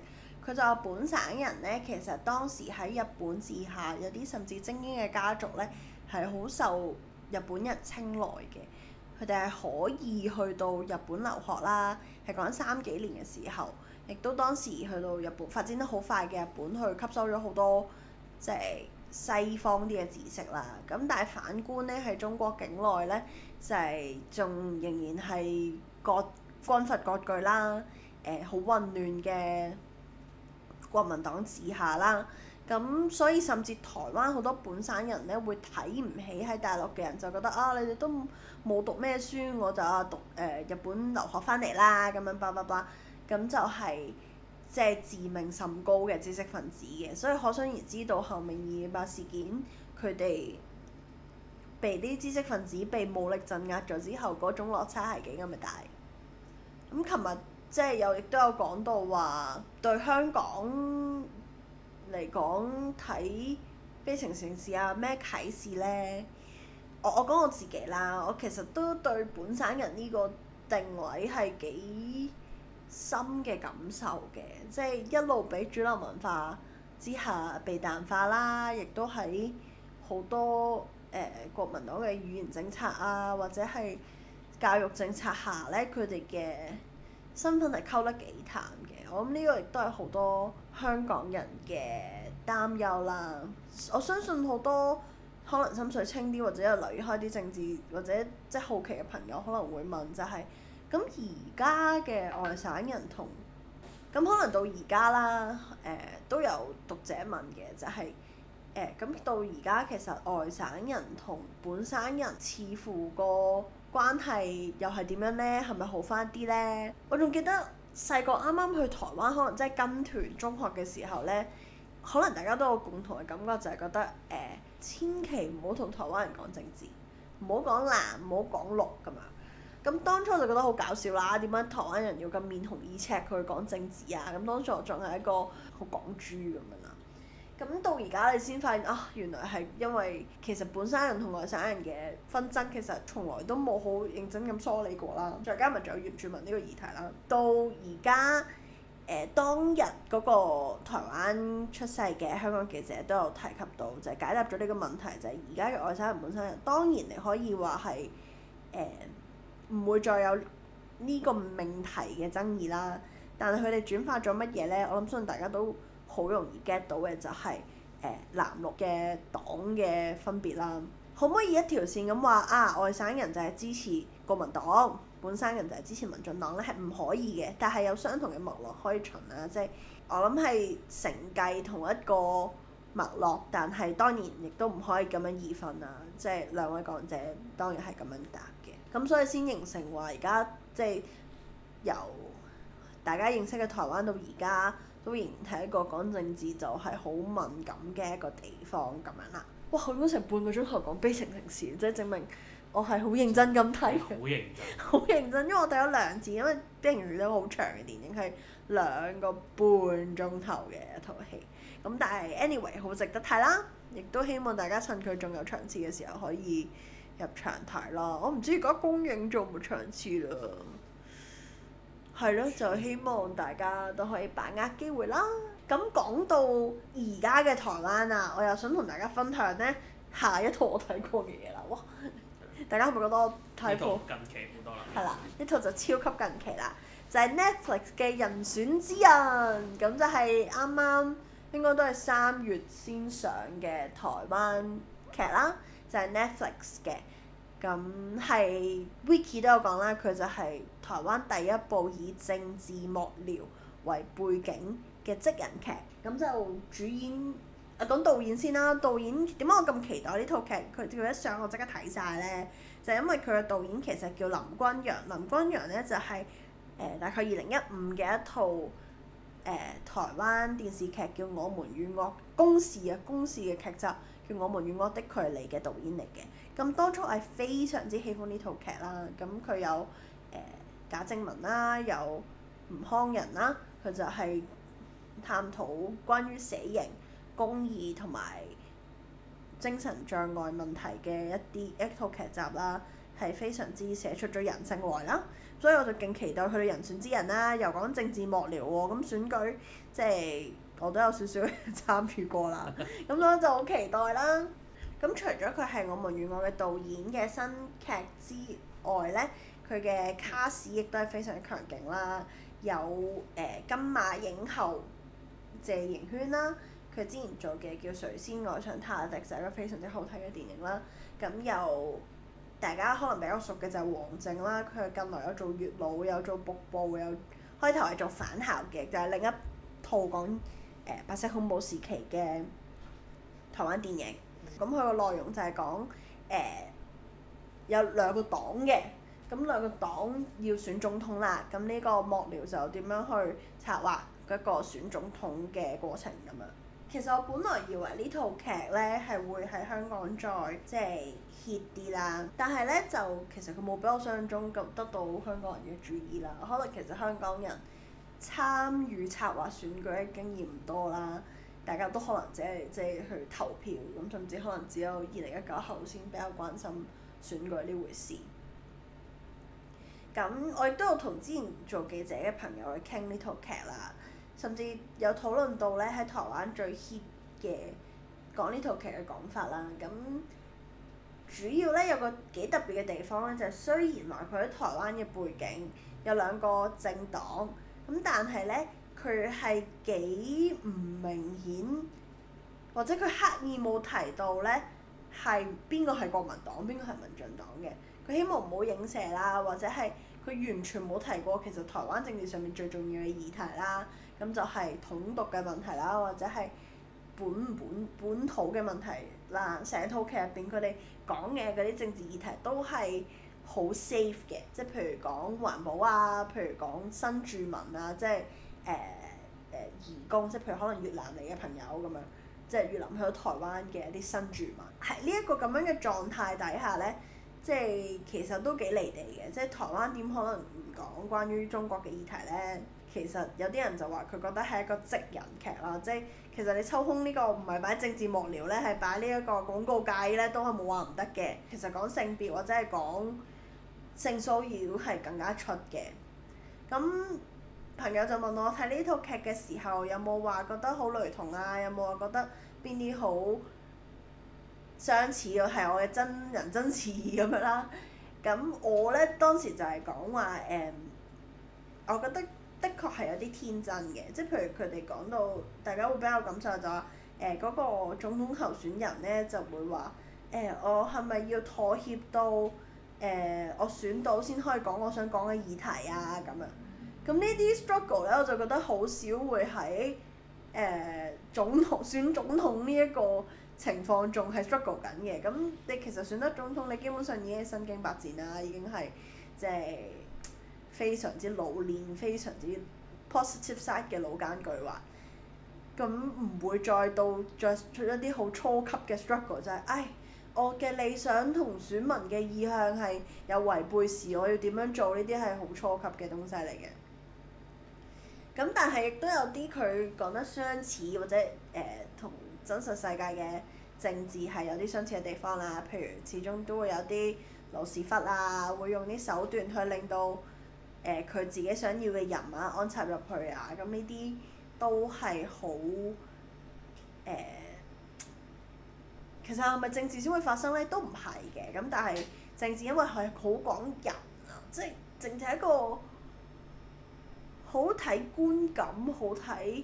佢就話本省人呢，其實當時喺日本治下，有啲甚至精英嘅家族呢，係好受日本人青睞嘅。佢哋係可以去到日本留學啦，係講三幾年嘅時候。亦都當時去到日本發展得好快嘅日本去，去吸收咗好多即係西方啲嘅知識啦。咁但係反觀呢，喺中國境內呢，就係、是、仲仍然係各軍閥割據啦，誒、呃、好混亂嘅國民黨治下啦。咁、嗯、所以甚至台灣好多本省人呢，會睇唔起喺大陸嘅人，就覺得啊，你哋都冇讀咩書，我就啊讀誒、呃、日本留學翻嚟啦，咁樣叭叭叭。Blah blah blah. 咁就係即係自命甚高嘅知識分子嘅，所以可想而知到後面二月八事件，佢哋被啲知識分子被武力鎮壓咗之後，嗰種落差係幾咁嘅大。咁琴日即係有亦都有講到話對香港嚟講睇《悲情城市》啊，咩啟示呢？我我講我自己啦，我其實都對本省人呢個定位係幾深嘅感受嘅，即係一路俾主流文化之下被淡化啦，亦都喺好多誒、呃、國民黨嘅語言政策啊，或者係教育政策下咧，佢哋嘅身份係溝得幾淡嘅。我諗呢個亦都係好多香港人嘅擔憂啦。我相信好多可能心水清啲，或者有留意開啲政治或者即係好奇嘅朋友，可能會問就係、是。咁而家嘅外省人同，咁可能到而家啦，誒、呃、都有讀者問嘅，就係、是，誒、呃，咁到而家其實外省人同本省人似乎個關係又係點樣咧？係咪好翻啲咧？我仲記得細個啱啱去台灣可能即係跟團中學嘅時候咧，可能大家都有共同嘅感覺，就係、是、覺得誒、呃，千祈唔好同台灣人講政治，唔好講藍，唔好講綠咁樣。咁當初就覺得好搞笑啦，點解台灣人要咁面紅耳赤去講政治啊？咁當初我仲係一個好港豬咁樣啦。咁到而家你先發現啊，原來係因為其實本省人同外省人嘅紛爭其實從來都冇好認真咁梳理過啦。再加埋仲有原住民呢個議題啦。到而家誒當日嗰個台灣出世嘅香港記者都有提及到，就係解答咗呢個問題，就係而家嘅外省人本省人，當然你可以話係誒，呃唔會再有呢個命題嘅爭議啦，但係佢哋轉化咗乜嘢呢？我諗相信大家都好容易 get 到嘅就係誒藍綠嘅黨嘅分別啦。可唔可以一條線咁話啊？外省人就係支持國民黨，本省人就係支持民進黨呢？係唔可以嘅，但係有相同嘅脈絡可以循啊！即係我諗係承繼同一個脈絡，但係當然亦都唔可以咁樣二分啊！即係兩位講者當然係咁樣答。咁所以先形成話而家即係由大家認識嘅台灣到而家都仍然係一個講政治就係好敏感嘅一個地方咁樣啦。哇！佢講成半個鐘頭講悲情城市，即係證明我係好認真咁睇。好、嗯、認真。好 認真，因為我睇咗兩次，因為悲情城市都好長嘅電影，係兩個半鐘頭嘅一套戲。咁但係，anyway，好值得睇啦！亦都希望大家趁佢仲有場次嘅時候可以。入場睇啦！我唔知而家公映仲冇場次啦，係咯，就希望大家都可以把握機會啦。咁講到而家嘅台灣啊，我又想同大家分享呢下一套我睇過嘅嘢啦！哇， 大家會唔會覺得睇過近期好多啦？係啦了，呢套就超級近期啦，就係、是、Netflix 嘅《人選之人》，咁就係啱啱應該都係三月先上嘅台灣劇啦。就係 Netflix 嘅，咁係 Vicky 都有講啦，佢就係台灣第一部以政治幕僚為背景嘅職人劇，咁就主演，啊講導演先啦，導演點解我咁期待劇呢套劇？佢佢一上我即刻睇晒咧，就係因為佢嘅導演其實叫林君陽，林君陽咧就係誒大概二零一五嘅一套誒台灣電視劇叫《我們與惡》，公視啊，公視嘅劇集。《我們與惡的距離》嘅導演嚟嘅，咁當初係非常之喜歡呢套劇啦。咁佢有誒、呃、賈靜雯啦，有吳慷仁啦，佢就係探討關於死刑、公義同埋精神障礙問題嘅一啲一套劇集啦，係非常之寫出咗人性壞啦。所以我就勁期待佢嘅《人選之人》啦，又講政治幕僚喎、啊，咁選舉即係。就是我都有少少參與過啦，咁咧就好期待啦。咁除咗佢係我們與我嘅導演嘅新劇之外呢，佢嘅卡 a 亦都係非常強勁啦。有誒、呃、金馬影后謝盈萱啦，佢之前做嘅叫誰先愛上他，就係、是、一個非常之好睇嘅電影啦。咁又大家可能比較熟嘅就係王靜啦，佢近來有做月老，有做瀑布，有開頭係做反校嘅，就係、是、另一套講。誒白色恐怖時期嘅台灣電影，咁佢個內容就係講誒有兩個黨嘅，咁兩個黨要選總統啦，咁呢個幕僚就點樣去策劃一個選總統嘅過程咁樣。其實我本來以為呢套劇呢係會喺香港再即係 hit 啲啦，但係呢就其實佢冇比我想象中咁得到香港人嘅注意啦。可能其實香港人。參與策劃選舉嘅經驗唔多啦，大家都可能只係只係去投票，咁甚至可能只有二零一九後先比較關心選舉呢回事。咁我亦都有同之前做記者嘅朋友去傾呢套劇啦，甚至有討論到咧喺台灣最 hit 嘅講呢套劇嘅講法啦。咁主要咧有個幾特別嘅地方咧，就係、係、雖然話佢喺台灣嘅背景有兩個政黨。咁但係咧，佢係幾唔明顯，或者佢刻意冇提到咧，係邊個係國民黨，邊個係民進黨嘅？佢希望唔好影射啦，或者係佢完全冇提過其實台灣政治上面最重要嘅議題啦，咁就係統獨嘅問題啦，或者係本本本土嘅問題嗱，成套劇入邊佢哋講嘢嗰啲政治議題都係，好 safe 嘅，即係譬如講環保啊，譬如講新住民啊，即係誒誒移工，即係譬如可能越南嚟嘅朋友咁樣，即係越南去到台灣嘅一啲新住民。喺呢一個咁樣嘅狀態底下咧，即係其實都幾離地嘅，即係台灣點可能唔講關於中國嘅議題咧？其實有啲人就話佢覺得係一個職人劇啦，即係其實你抽空呢個唔係擺政治幕僚咧，係擺呢一個廣告界咧，都係冇話唔得嘅。其實講性別或者係講性騷擾係更加出嘅，咁朋友就問我睇呢套劇嘅時候，有冇話覺得好雷同啊？有冇話覺得邊啲好相似啊？係我嘅真人真事咁樣啦、啊。咁我咧，當時就係講話誒，我覺得的確係有啲天真嘅，即係譬如佢哋講到大家會比較感受就話，誒、嗯、嗰、那個總統候選人咧就會話，誒、嗯、我係咪要妥協到？誒、呃，我選到先可以講我想講嘅議題啊，咁樣。咁呢啲 struggle 咧，我就覺得好少會喺誒、呃、總統選總統呢一個情況仲係 struggle 緊嘅。咁你其實選得總統，你基本上已經身經百戰啦，已經係即係非常之老練、非常之 positive side 嘅老奸巨猾。咁唔會再到 just 一啲好初級嘅 struggle 啫、就係，唉～我嘅理想同選民嘅意向係有違背時，我要點樣做呢啲係好初級嘅東西嚟嘅。咁但係亦都有啲佢講得相似，或者誒同、呃、真實世界嘅政治係有啲相似嘅地方啦。譬如始終都會有啲老屎忽啊，會用啲手段去令到誒佢、呃、自己想要嘅人物、啊、安插入去啊。咁呢啲都係好誒。呃其實係咪政治先會發生呢？都唔係嘅。咁但係政治因為係好講人，即係淨係一個好睇觀感、好睇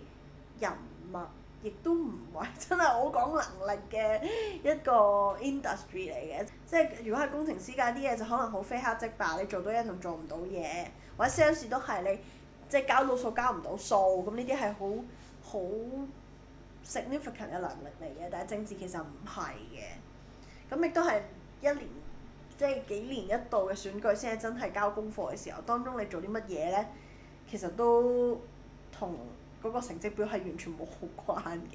人物，亦都唔係真係好講能力嘅一個 industry 嚟嘅。即係如果係工程師，嗰啲嘢就可能好非黑即白，你做到嘢同做唔到嘢；或者 sales 都係你即係、就是、交到數交唔到數，咁呢啲係好好。significant 嘅能力嚟嘅，但係政治其實唔係嘅，咁亦都係一年即係、就是、幾年一度嘅選舉先係真係交功課嘅時候，當中你做啲乜嘢咧，其實都同嗰個成績表係完全冇好關嘅。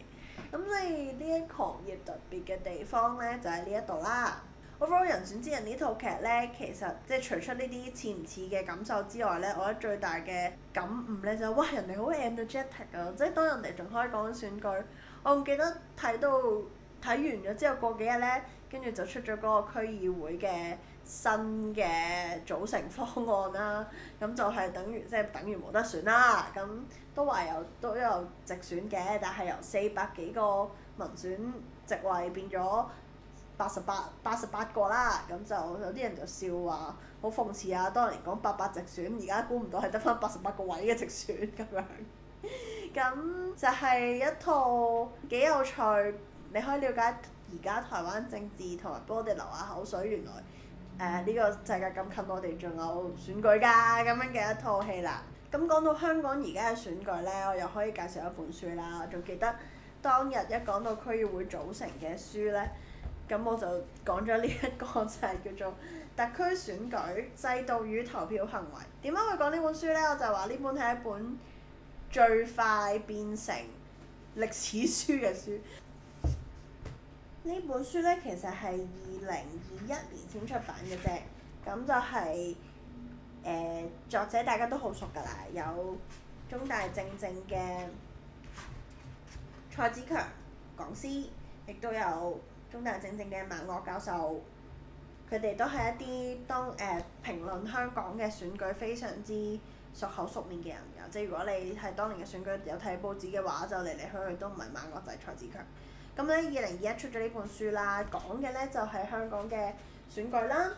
咁所以呢一行業特別嘅地方咧，就係呢一度啦。我覺得《Overall, 人選之人》呢套劇咧，其實即係除出呢啲似唔似嘅感受之外咧，我覺得最大嘅感悟咧就係、是、哇，人哋好 energetic 嘅，即係當人哋仲可以講選舉，我仲記得睇到睇完咗之後過幾日咧，跟住就出咗嗰個區議會嘅新嘅組成方案啦、啊。咁就係等於即係、就是、等於冇得選啦、啊。咁都話有都有直選嘅，但係由四百幾個民選席位變咗。八十八八十八個啦，咁就有啲人就笑話、啊，好諷刺啊！當年講八八直選，而家估唔到係得返八十八個位嘅直選咁樣，咁 就係一套幾有趣，你可以了解而家台灣政治，同埋幫我哋流下口水。原來誒呢、呃呢個世界咁近，我哋仲有選舉㗎咁樣嘅一套戲啦。咁講到香港而家嘅選舉呢，我又可以介紹一本書啦。我仲記得當日一講到區議會組成嘅書呢。咁我就講咗呢一個就係、是、叫做特區選舉制度與投票行為。點解會講呢本書呢？我就話呢本係一本最快變成歷史書嘅書。呢本書呢，其實係二零二一年先出版嘅啫。咁就係、是呃、作者大家都好熟㗎啦，有中大政政嘅蔡子強講師，亦都有，中大正正嘅馬嶽教授，佢哋都係一啲當誒評論香港嘅選舉非常之熟口熟面嘅人嘅，即係如果你係當年嘅選舉有睇報紙嘅話，就嚟嚟去去都唔係馬嶽就係蔡子強。咁咧，二零二一出咗呢本書啦，講嘅咧就係、是、香港嘅選舉啦。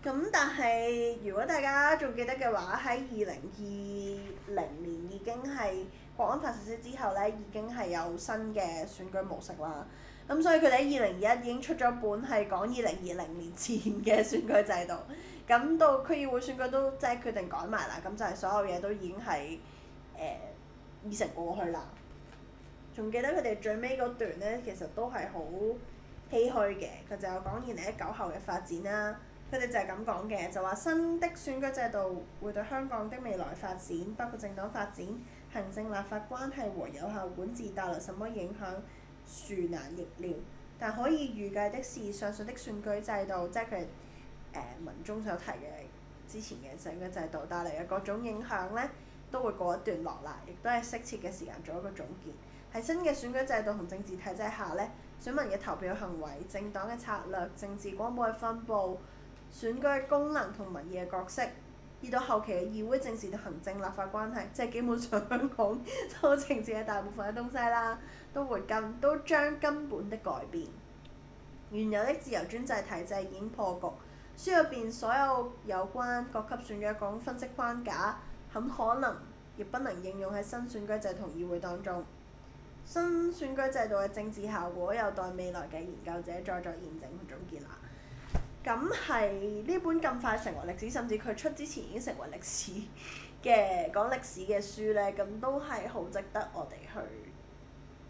咁但係如果大家仲記得嘅話，喺二零二零年已經係國安法實施之後咧，已經係有新嘅選舉模式啦。咁、嗯、所以佢哋喺二零二一已經出咗本係講二零二零年前嘅選舉制度，咁到區議會選舉都即係決定改埋啦，咁就係所有嘢都已經係誒已成過去啦。仲記得佢哋最尾嗰段咧，其實都係好唏噓嘅。佢就有講二零一九後嘅發展啦，佢哋就係咁講嘅，就話新的選舉制度會對香港的未來發展，包括政黨發展、行政立法關係和有效管治帶來什麼影響？樹難逆料，但可以預計的是，上述的選舉制度，即係佢誒文中所提嘅之前嘅選舉制度帶嚟嘅各種影響咧，都會過一段落啦，亦都係適切嘅時間做一個總結。喺新嘅選舉制度同政治體制下咧，選民嘅投票行為、政黨嘅策略、政治光譜嘅分佈、選舉嘅功能同民意嘅角色。而到後期嘅議會政治同行政立法關係，即係基本上香港所政治嘅大部分嘅東西啦，都會根都將根本的改變。原有的自由專制體制已經破局，書入邊所有有關各級選舉講分析框架，很可能亦不能應用喺新選舉制同議會當中。新選舉制度嘅政治效果，有待未來嘅研究者再作驗證同總結啦。咁係呢本咁快成為歷史，甚至佢出之前已經成為歷史嘅講歷史嘅書咧，咁都係好值得我哋去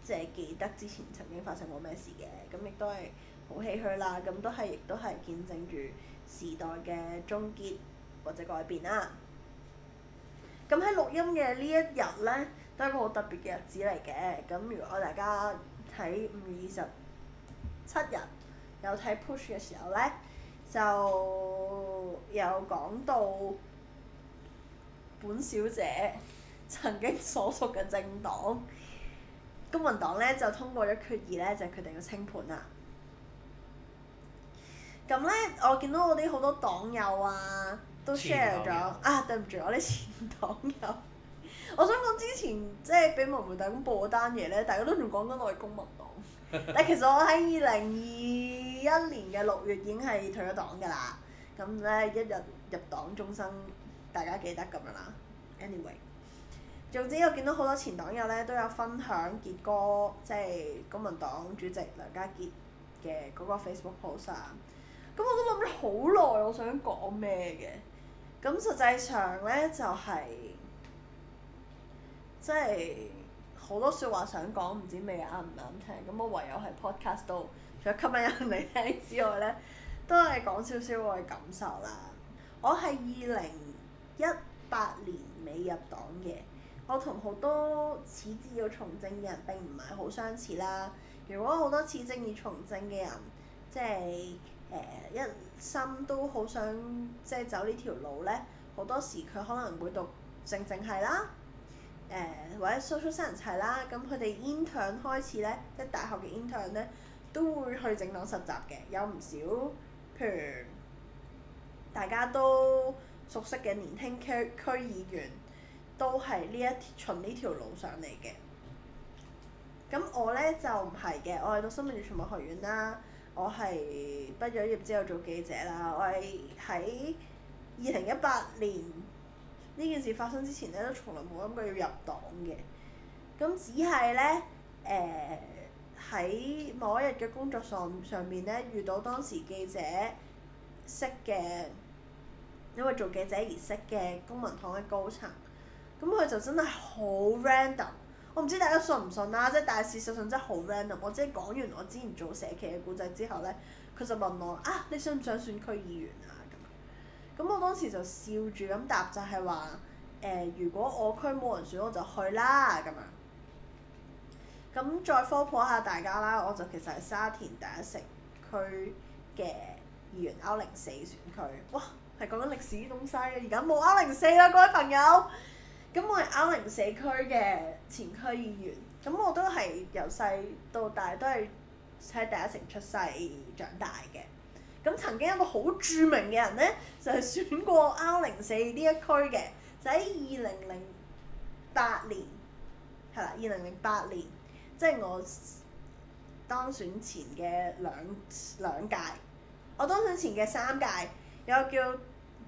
即係記得之前曾經發生過咩事嘅，咁亦都係好唏噓啦，咁都係亦都係見證住時代嘅終結或者改變啦。咁喺錄音嘅呢一日咧，都係一個好特別嘅日子嚟嘅。咁如果大家喺五月二十七日有睇 Push 嘅時候咧～就有講到本小姐曾經所屬嘅政黨，公民黨咧就通過咗決議咧，就決定要清盤啦。咁咧，我見到我啲好多黨友啊，都 share 咗啊，對唔住我啲前黨友，啊、我，黨友 我想講之前即係俾文匯大公報單嘢咧，大家都仲講緊我係公民黨。但其實我喺二零二一年嘅六月已經係退咗黨㗎啦，咁咧，一日入黨終生，大家記得咁樣啦。Anyway，總之我見到好多前黨友咧都有分享傑哥即係、就是、公民黨主席梁家傑嘅嗰個 Facebook post 啊，咁我都諗咗好耐，我想講咩嘅，咁實際上咧就係即係。就是好多說話想講，唔知咩啱唔啱聽，咁我唯有喺 podcast 度，除咗吸引人嚟聽之外咧，都係講少少我嘅感受啦。我係二零一八年未入黨嘅，我同好多始至要從政嘅人並唔係好相似啦。如果好多始政要從政嘅人，即係誒一人心都好想即係、就是、走呢條路咧，好多時佢可能會讀正正係啦。誒、呃、或者蘇蘇新人齊啦，咁、嗯、佢哋 intern 開始咧，即係大學嘅 intern 咧，都會去政黨實習嘅，有唔少譬如大家都熟悉嘅年輕區區議員，都係呢一循呢條路上嚟嘅。咁我咧就唔係嘅，我係讀新聞與傳媒學院啦，我係畢咗業之後做記者啦，我係喺二零一八年。呢件事發生之前咧，都從來冇諗過要入黨嘅。咁只係咧，誒、呃、喺某一日嘅工作上上面咧，遇到當時記者識嘅，因為做記者而識嘅公民黨嘅高層。咁佢就真係好 random。我唔知大家信唔信啦、啊，即係但係事實上真係好 random。我即係講完我之前做社企嘅故仔之後咧，佢就問我：啊，你想唔想選區議員、啊？咁我當時就笑住咁答，就係話誒，如果我區冇人選，我就去啦，咁樣。咁再科普下大家啦，我就其實係沙田第一城區嘅議員 R 零四選區，哇，係講緊歷史啲東西嘅。而家冇 R 零四啦，各位朋友。咁我係 R 零四區嘅前區議員，咁我都係由細到大都係喺第一城出世長大嘅。咁曾經一個好著名嘅人咧，就係選過 R 零四呢一區嘅，就喺二零零八年，係啦，二零零八年，即係我當選前嘅兩兩屆，我當選前嘅三屆，有個叫，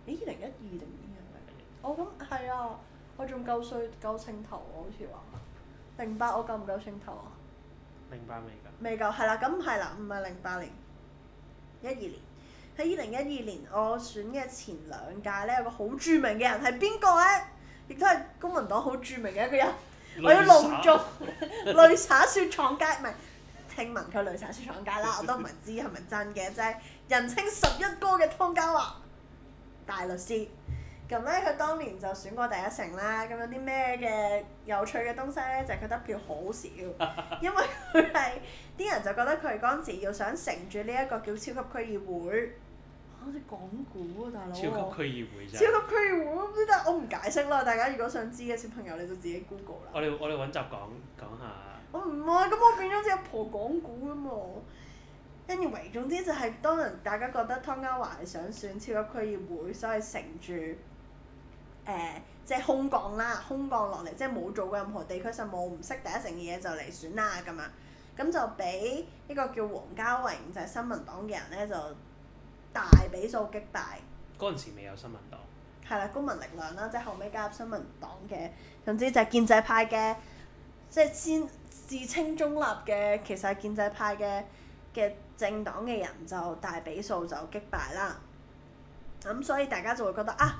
咦，二零一二定點樣啊？我咁係啊，我仲夠歲夠稱頭喎，好似話，零八我夠唔夠稱頭啊？零八未夠。未夠係啦，咁係啦，唔係零八年，一二年。喺二零一二年，我選嘅前兩屆咧，有個好著名嘅人係邊個咧？亦都係公民黨好著名嘅一個人。霞我要隆重， 淚灑雪廠街，唔係聽聞佢淚灑雪廠街啦，我都唔係知係咪真嘅，即係 人稱十一哥嘅湯家驊，大律師。咁咧，佢當年就選過第一城啦。咁有啲咩嘅有趣嘅東西咧？就係、是、佢得票好少， 因為佢係啲人就覺得佢嗰陣時要想乘住呢一個叫超級區議會。好似講古啊，大佬！超級區議會啫。超級區議會，唔知但我唔解釋啦。大家如果想知嘅小朋友，你就自己 Google 啦。我哋我哋揾集講講下。我唔係，咁我變咗隻阿婆講古啊嘛。跟住，Anyway，總之就係、是、當人大家覺得湯家驊係想選超級區議會，所以乘住誒即係空降啦，空降落嚟，即係冇做過任何地區事務，就冇唔識第一成嘅嘢就嚟選啦咁啊！咁就俾一個叫黃家榮就係、是、新民黨嘅人咧就。大比數擊敗，嗰陣時未有新民黨，係啦公民力量啦，即係後尾加入新民黨嘅，總之就係建制派嘅，即係先自稱中立嘅，其實係建制派嘅嘅政黨嘅人就大比數就擊敗啦。咁、嗯、所以大家就會覺得啊，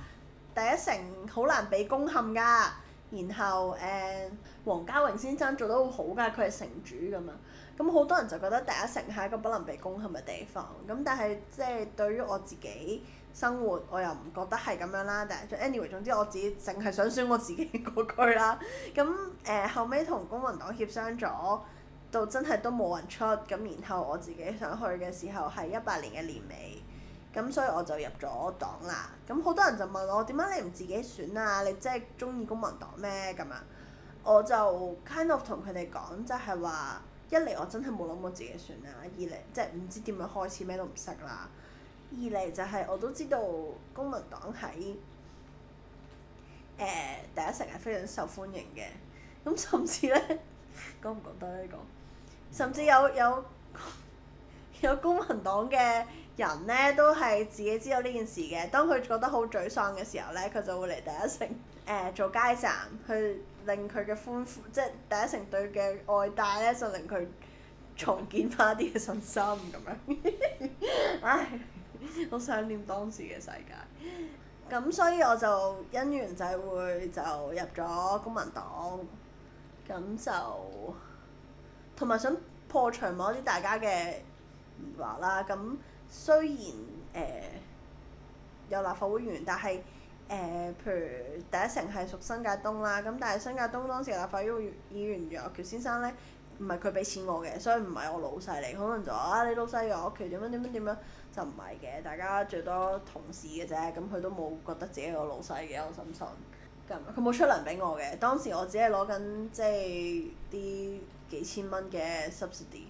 第一城好難畀攻陷㗎。然後誒，黃、呃、家榮先生做得好好㗎，佢係城主㗎嘛。咁好多人就覺得第一城係一個不能被攻陷嘅地方，咁但係即係對於我自己生活，我又唔覺得係咁樣啦。但係 anyway，總之我自己淨係想選我自己個區啦。咁誒、呃、後尾同公民黨協商咗，到真係都冇人出。咁然後我自己想去嘅時候係一八年嘅年尾，咁所以我就入咗黨啦。咁好多人就問我點解你唔自己選啊？你真係中意公民黨咩？咁樣，我就 kind of 同佢哋講，即係話。一嚟我真係冇諗過自己算啦，二嚟即係唔知點樣開始咩都唔識啦。二嚟就係我都知道公民黨喺誒、呃、第一城係非常受歡迎嘅，咁甚至咧，覺唔覺得呢個甚至有有有公民黨嘅人咧，都係自己知道呢件事嘅。當佢覺得好沮喪嘅時候咧，佢就會嚟第一城誒、呃、做街站去。令佢嘅寬闊，即係第一成對嘅愛戴咧，就令佢重建翻一啲嘅信心咁樣。 唉，好 想念當時嘅世界。咁所以我就因緣際會就入咗公民黨，咁就同埋想破除某啲大家嘅疑惑啦。咁雖然誒、呃、有立法會議員，但係。誒、呃，譬如第一城係屬新界東啦，咁但係新界東當時立法會議議員楊岳橋先生咧，唔係佢俾錢我嘅，所以唔係我老細嚟，可能就話啊你老細嘅我屋企點樣點樣點樣，就唔係嘅，大家最多同事嘅啫，咁佢都冇覺得自己係我老細嘅，我心諗，咁佢冇出糧俾我嘅，當時我只係攞緊即係啲幾千蚊嘅 subsidy，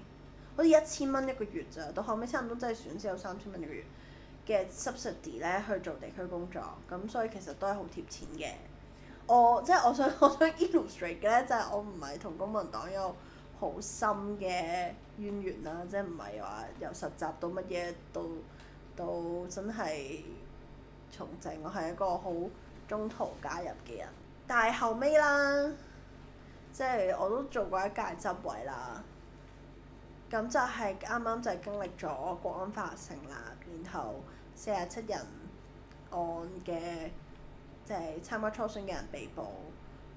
好似一千蚊一個月咋，到後尾差唔多真係損先有三千蚊一個月。嘅 subsidy 咧，去做地區工作，咁所以其實都係好貼錢嘅。我即係我想我想 illustrate 嘅咧，就係我唔係同公民黨有好深嘅淵源啦，即係唔係話由實習到乜嘢到到真係從政，我係一個好中途加入嘅人。但係後尾啦，即係我都做過一屆執委啦。咁就係啱啱就係經歷咗國安法成立，然後。四十七人案嘅，即係參加初選嘅人被捕，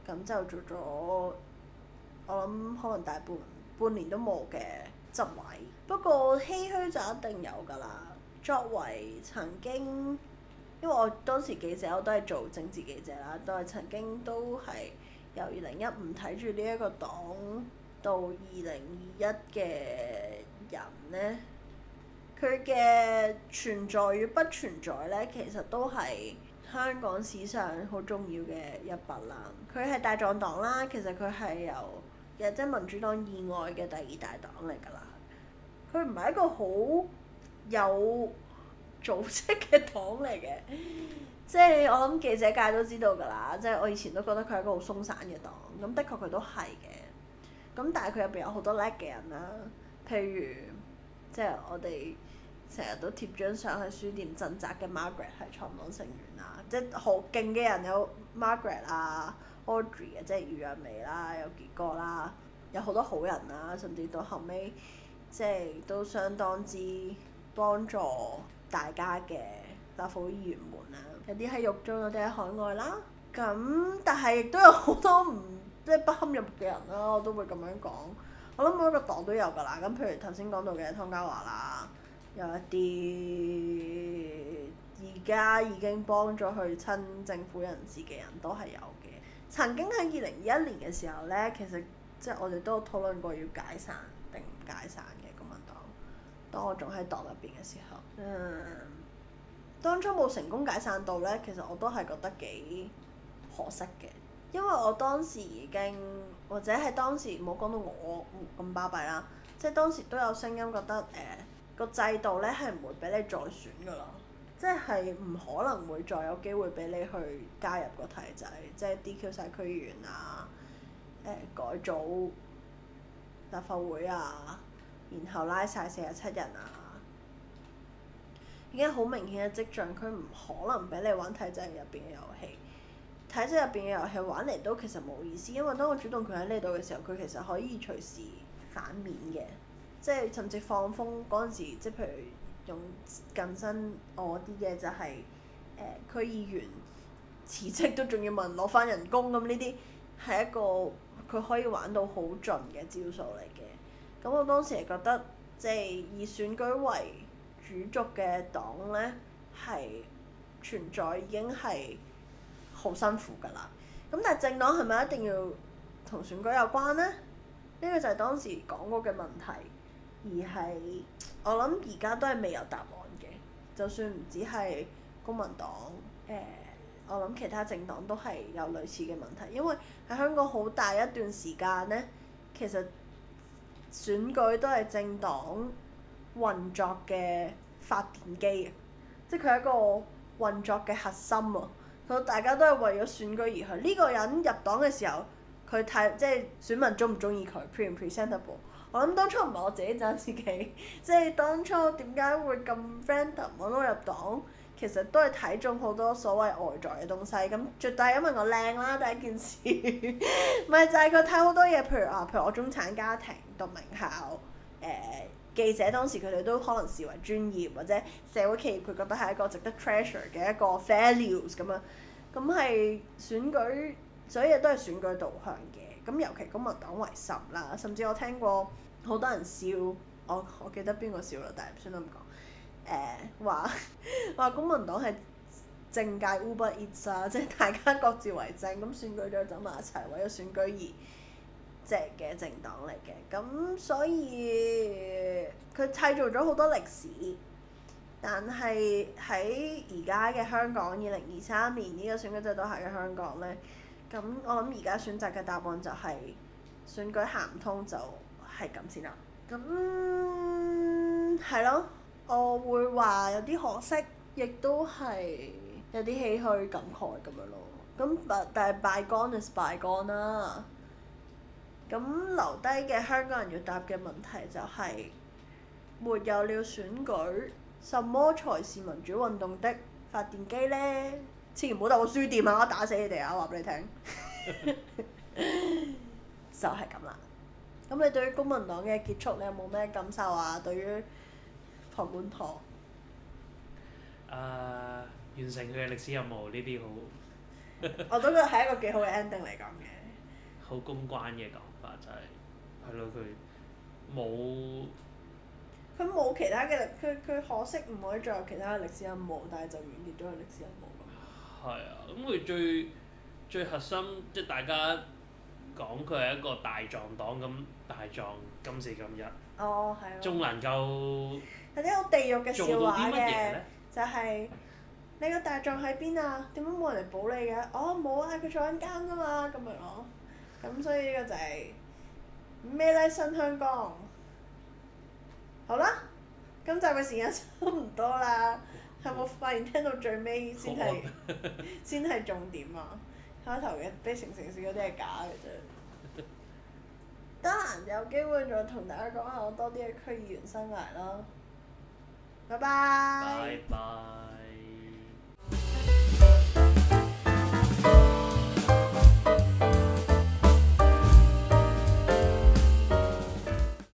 咁就做咗，我諗可能大半半年都冇嘅執位。不過唏噓就一定有㗎啦。作為曾經，因為我當時記者我都係做政治記者啦，都係曾經都係由二零一五睇住呢一個黨到二零二一嘅人咧，佢嘅存在與不存在呢，其實都係香港史上好重要嘅一筆啦。佢係大狀黨啦，其實佢係由即係民主黨以外嘅第二大黨嚟㗎啦。佢唔係一個好有組織嘅黨嚟嘅，即係我諗記者界都知道㗎啦。即係我以前都覺得佢係一個好鬆散嘅黨，咁的確佢都係嘅。咁但係佢入邊有好多叻嘅人啦，譬如。即係我哋成日都貼張相喺書店鎮宅嘅 Margaret 係創黨成員啦，即係好勁嘅人有 Margaret 啊，Audrey 啊，即係余若薇啦，有幾個啦，有好多好人啦，甚至到後尾即係都相當之幫助大家嘅立法會議員們啦，有啲喺獄中，有啲喺海外啦。咁但係亦都有好多唔即係不堪入目嘅人啦，我都會咁樣講。我諗每一個黨都有㗎啦，咁譬如頭先講到嘅湯家華啦，有一啲而家已經幫咗佢親政府人士嘅人都係有嘅。曾經喺二零二一年嘅時候呢，其實即係我哋都有討論過要解散定唔解散嘅公民黨。當我仲喺黨入邊嘅時候，嗯，當初冇成功解散到呢，其實我都係覺得幾可惜嘅。因為我當時已經，或者係當時唔好講到我咁巴閉啦，即係當時都有聲音覺得誒個、欸、制度咧係唔會俾你再選噶啦，即係唔可能會再有機會俾你去加入個體制，即係 DQ 晒區議員啊、欸、改組立法會啊，然後拉晒四十七人啊，已經好明顯嘅跡象，佢唔可能俾你玩體制入邊嘅遊戲。體制入邊嘅遊戲玩嚟都其實冇意思，因為當我主動權喺呢度嘅時候，佢其實可以隨時反面嘅，即係甚至放風嗰陣時，即係譬如用近身我啲嘅就係、是、誒，佢、呃、區議員辭職都仲要問攞翻人工咁呢啲，係一個佢可以玩到好盡嘅招數嚟嘅。咁我當時係覺得，即係以選舉為主軸嘅黨咧，係存在已經係。好辛苦㗎啦，咁但係政黨係咪一定要同選舉有關呢？呢、呢個就係當時講過嘅問題，而係我諗而家都係未有答案嘅。就算唔止係公民黨，誒、呃，我諗其他政黨都係有類似嘅問題，因為喺香港好大一段時間呢，其實選舉都係政黨運作嘅發電機啊，即係佢係一個運作嘅核心啊。大家都係為咗選舉而去呢、呢個人入黨嘅時候，佢睇即係選民中唔中意佢，pre 唔 presentable。我諗當初唔係我自己讚自己，即係當初點解會咁 random 攞入黨，其實都係睇中好多所謂外在嘅東西。咁絕對因為我靚啦，第一件事，唔 係就係佢睇好多嘢，譬如啊，譬如我中產家庭讀名校誒。呃記者當時佢哋都可能視為專業或者社會企業，佢覺得係一個值得 treasure 嘅一個 values 咁樣，咁係選舉，所以都係選舉導向嘅。咁尤其公民黨為甚啦，甚至我聽過好多人笑，我我記得邊個笑啦，但係先唔講。誒、呃，話話公民黨係政界 Uber Eats 啊，即係大家各自為政，咁選舉咗走埋一齊為咗選舉而，隻嘅政黨嚟嘅，咁所以佢砌造咗好多歷史，但係喺而家嘅香港二零二三年呢個選舉制度下嘅香港呢，咁我諗而家選擇嘅答案就係、是、選舉行唔通就係咁先啦。咁係咯，我會話有啲可惜，亦都係有啲唏噓感慨咁樣咯。咁但係 bygone 就係 bygone 啦。咁留低嘅香港人要答嘅問題就係、是，沒有了選舉，什麼才是民主運動的發電機呢？千祈唔好當我書店啊！我打死你哋啊！話俾你聽， 就係咁啦。咁你對於公民黨嘅結束，你有冇咩感受啊？對於唐管棠，誒，uh, 完成佢嘅歷史任務呢啲好， 我都覺得係一個幾好嘅 ending 嚟講嘅，好公關嘅講。就係、是，係咯佢冇，佢冇其他嘅，佢佢可惜唔可以再有其他嘅歷史任務，但係就完結咗個歷史任務咯。係啊，咁、嗯、佢最最核心即係大家講佢係一個大狀黨，咁大狀今時今日哦，係喎，仲能夠有啲好地獄嘅笑話嘅，就係、是、你個大狀喺邊啊？點解冇人嚟保你嘅？哦，冇啊，佢坐緊監㗎嘛，咁樣咯。咁、嗯、所以呢個就係、是、咩呢？新香港，好啦，今集嘅時間差唔多啦，oh. 有冇發現聽到最尾先係先係重點啊？開 頭嘅悲情城市嗰啲係假嘅啫，得閒、 啊、有機會再同大家講下我多啲嘅區議員生涯咯，拜拜。拜拜。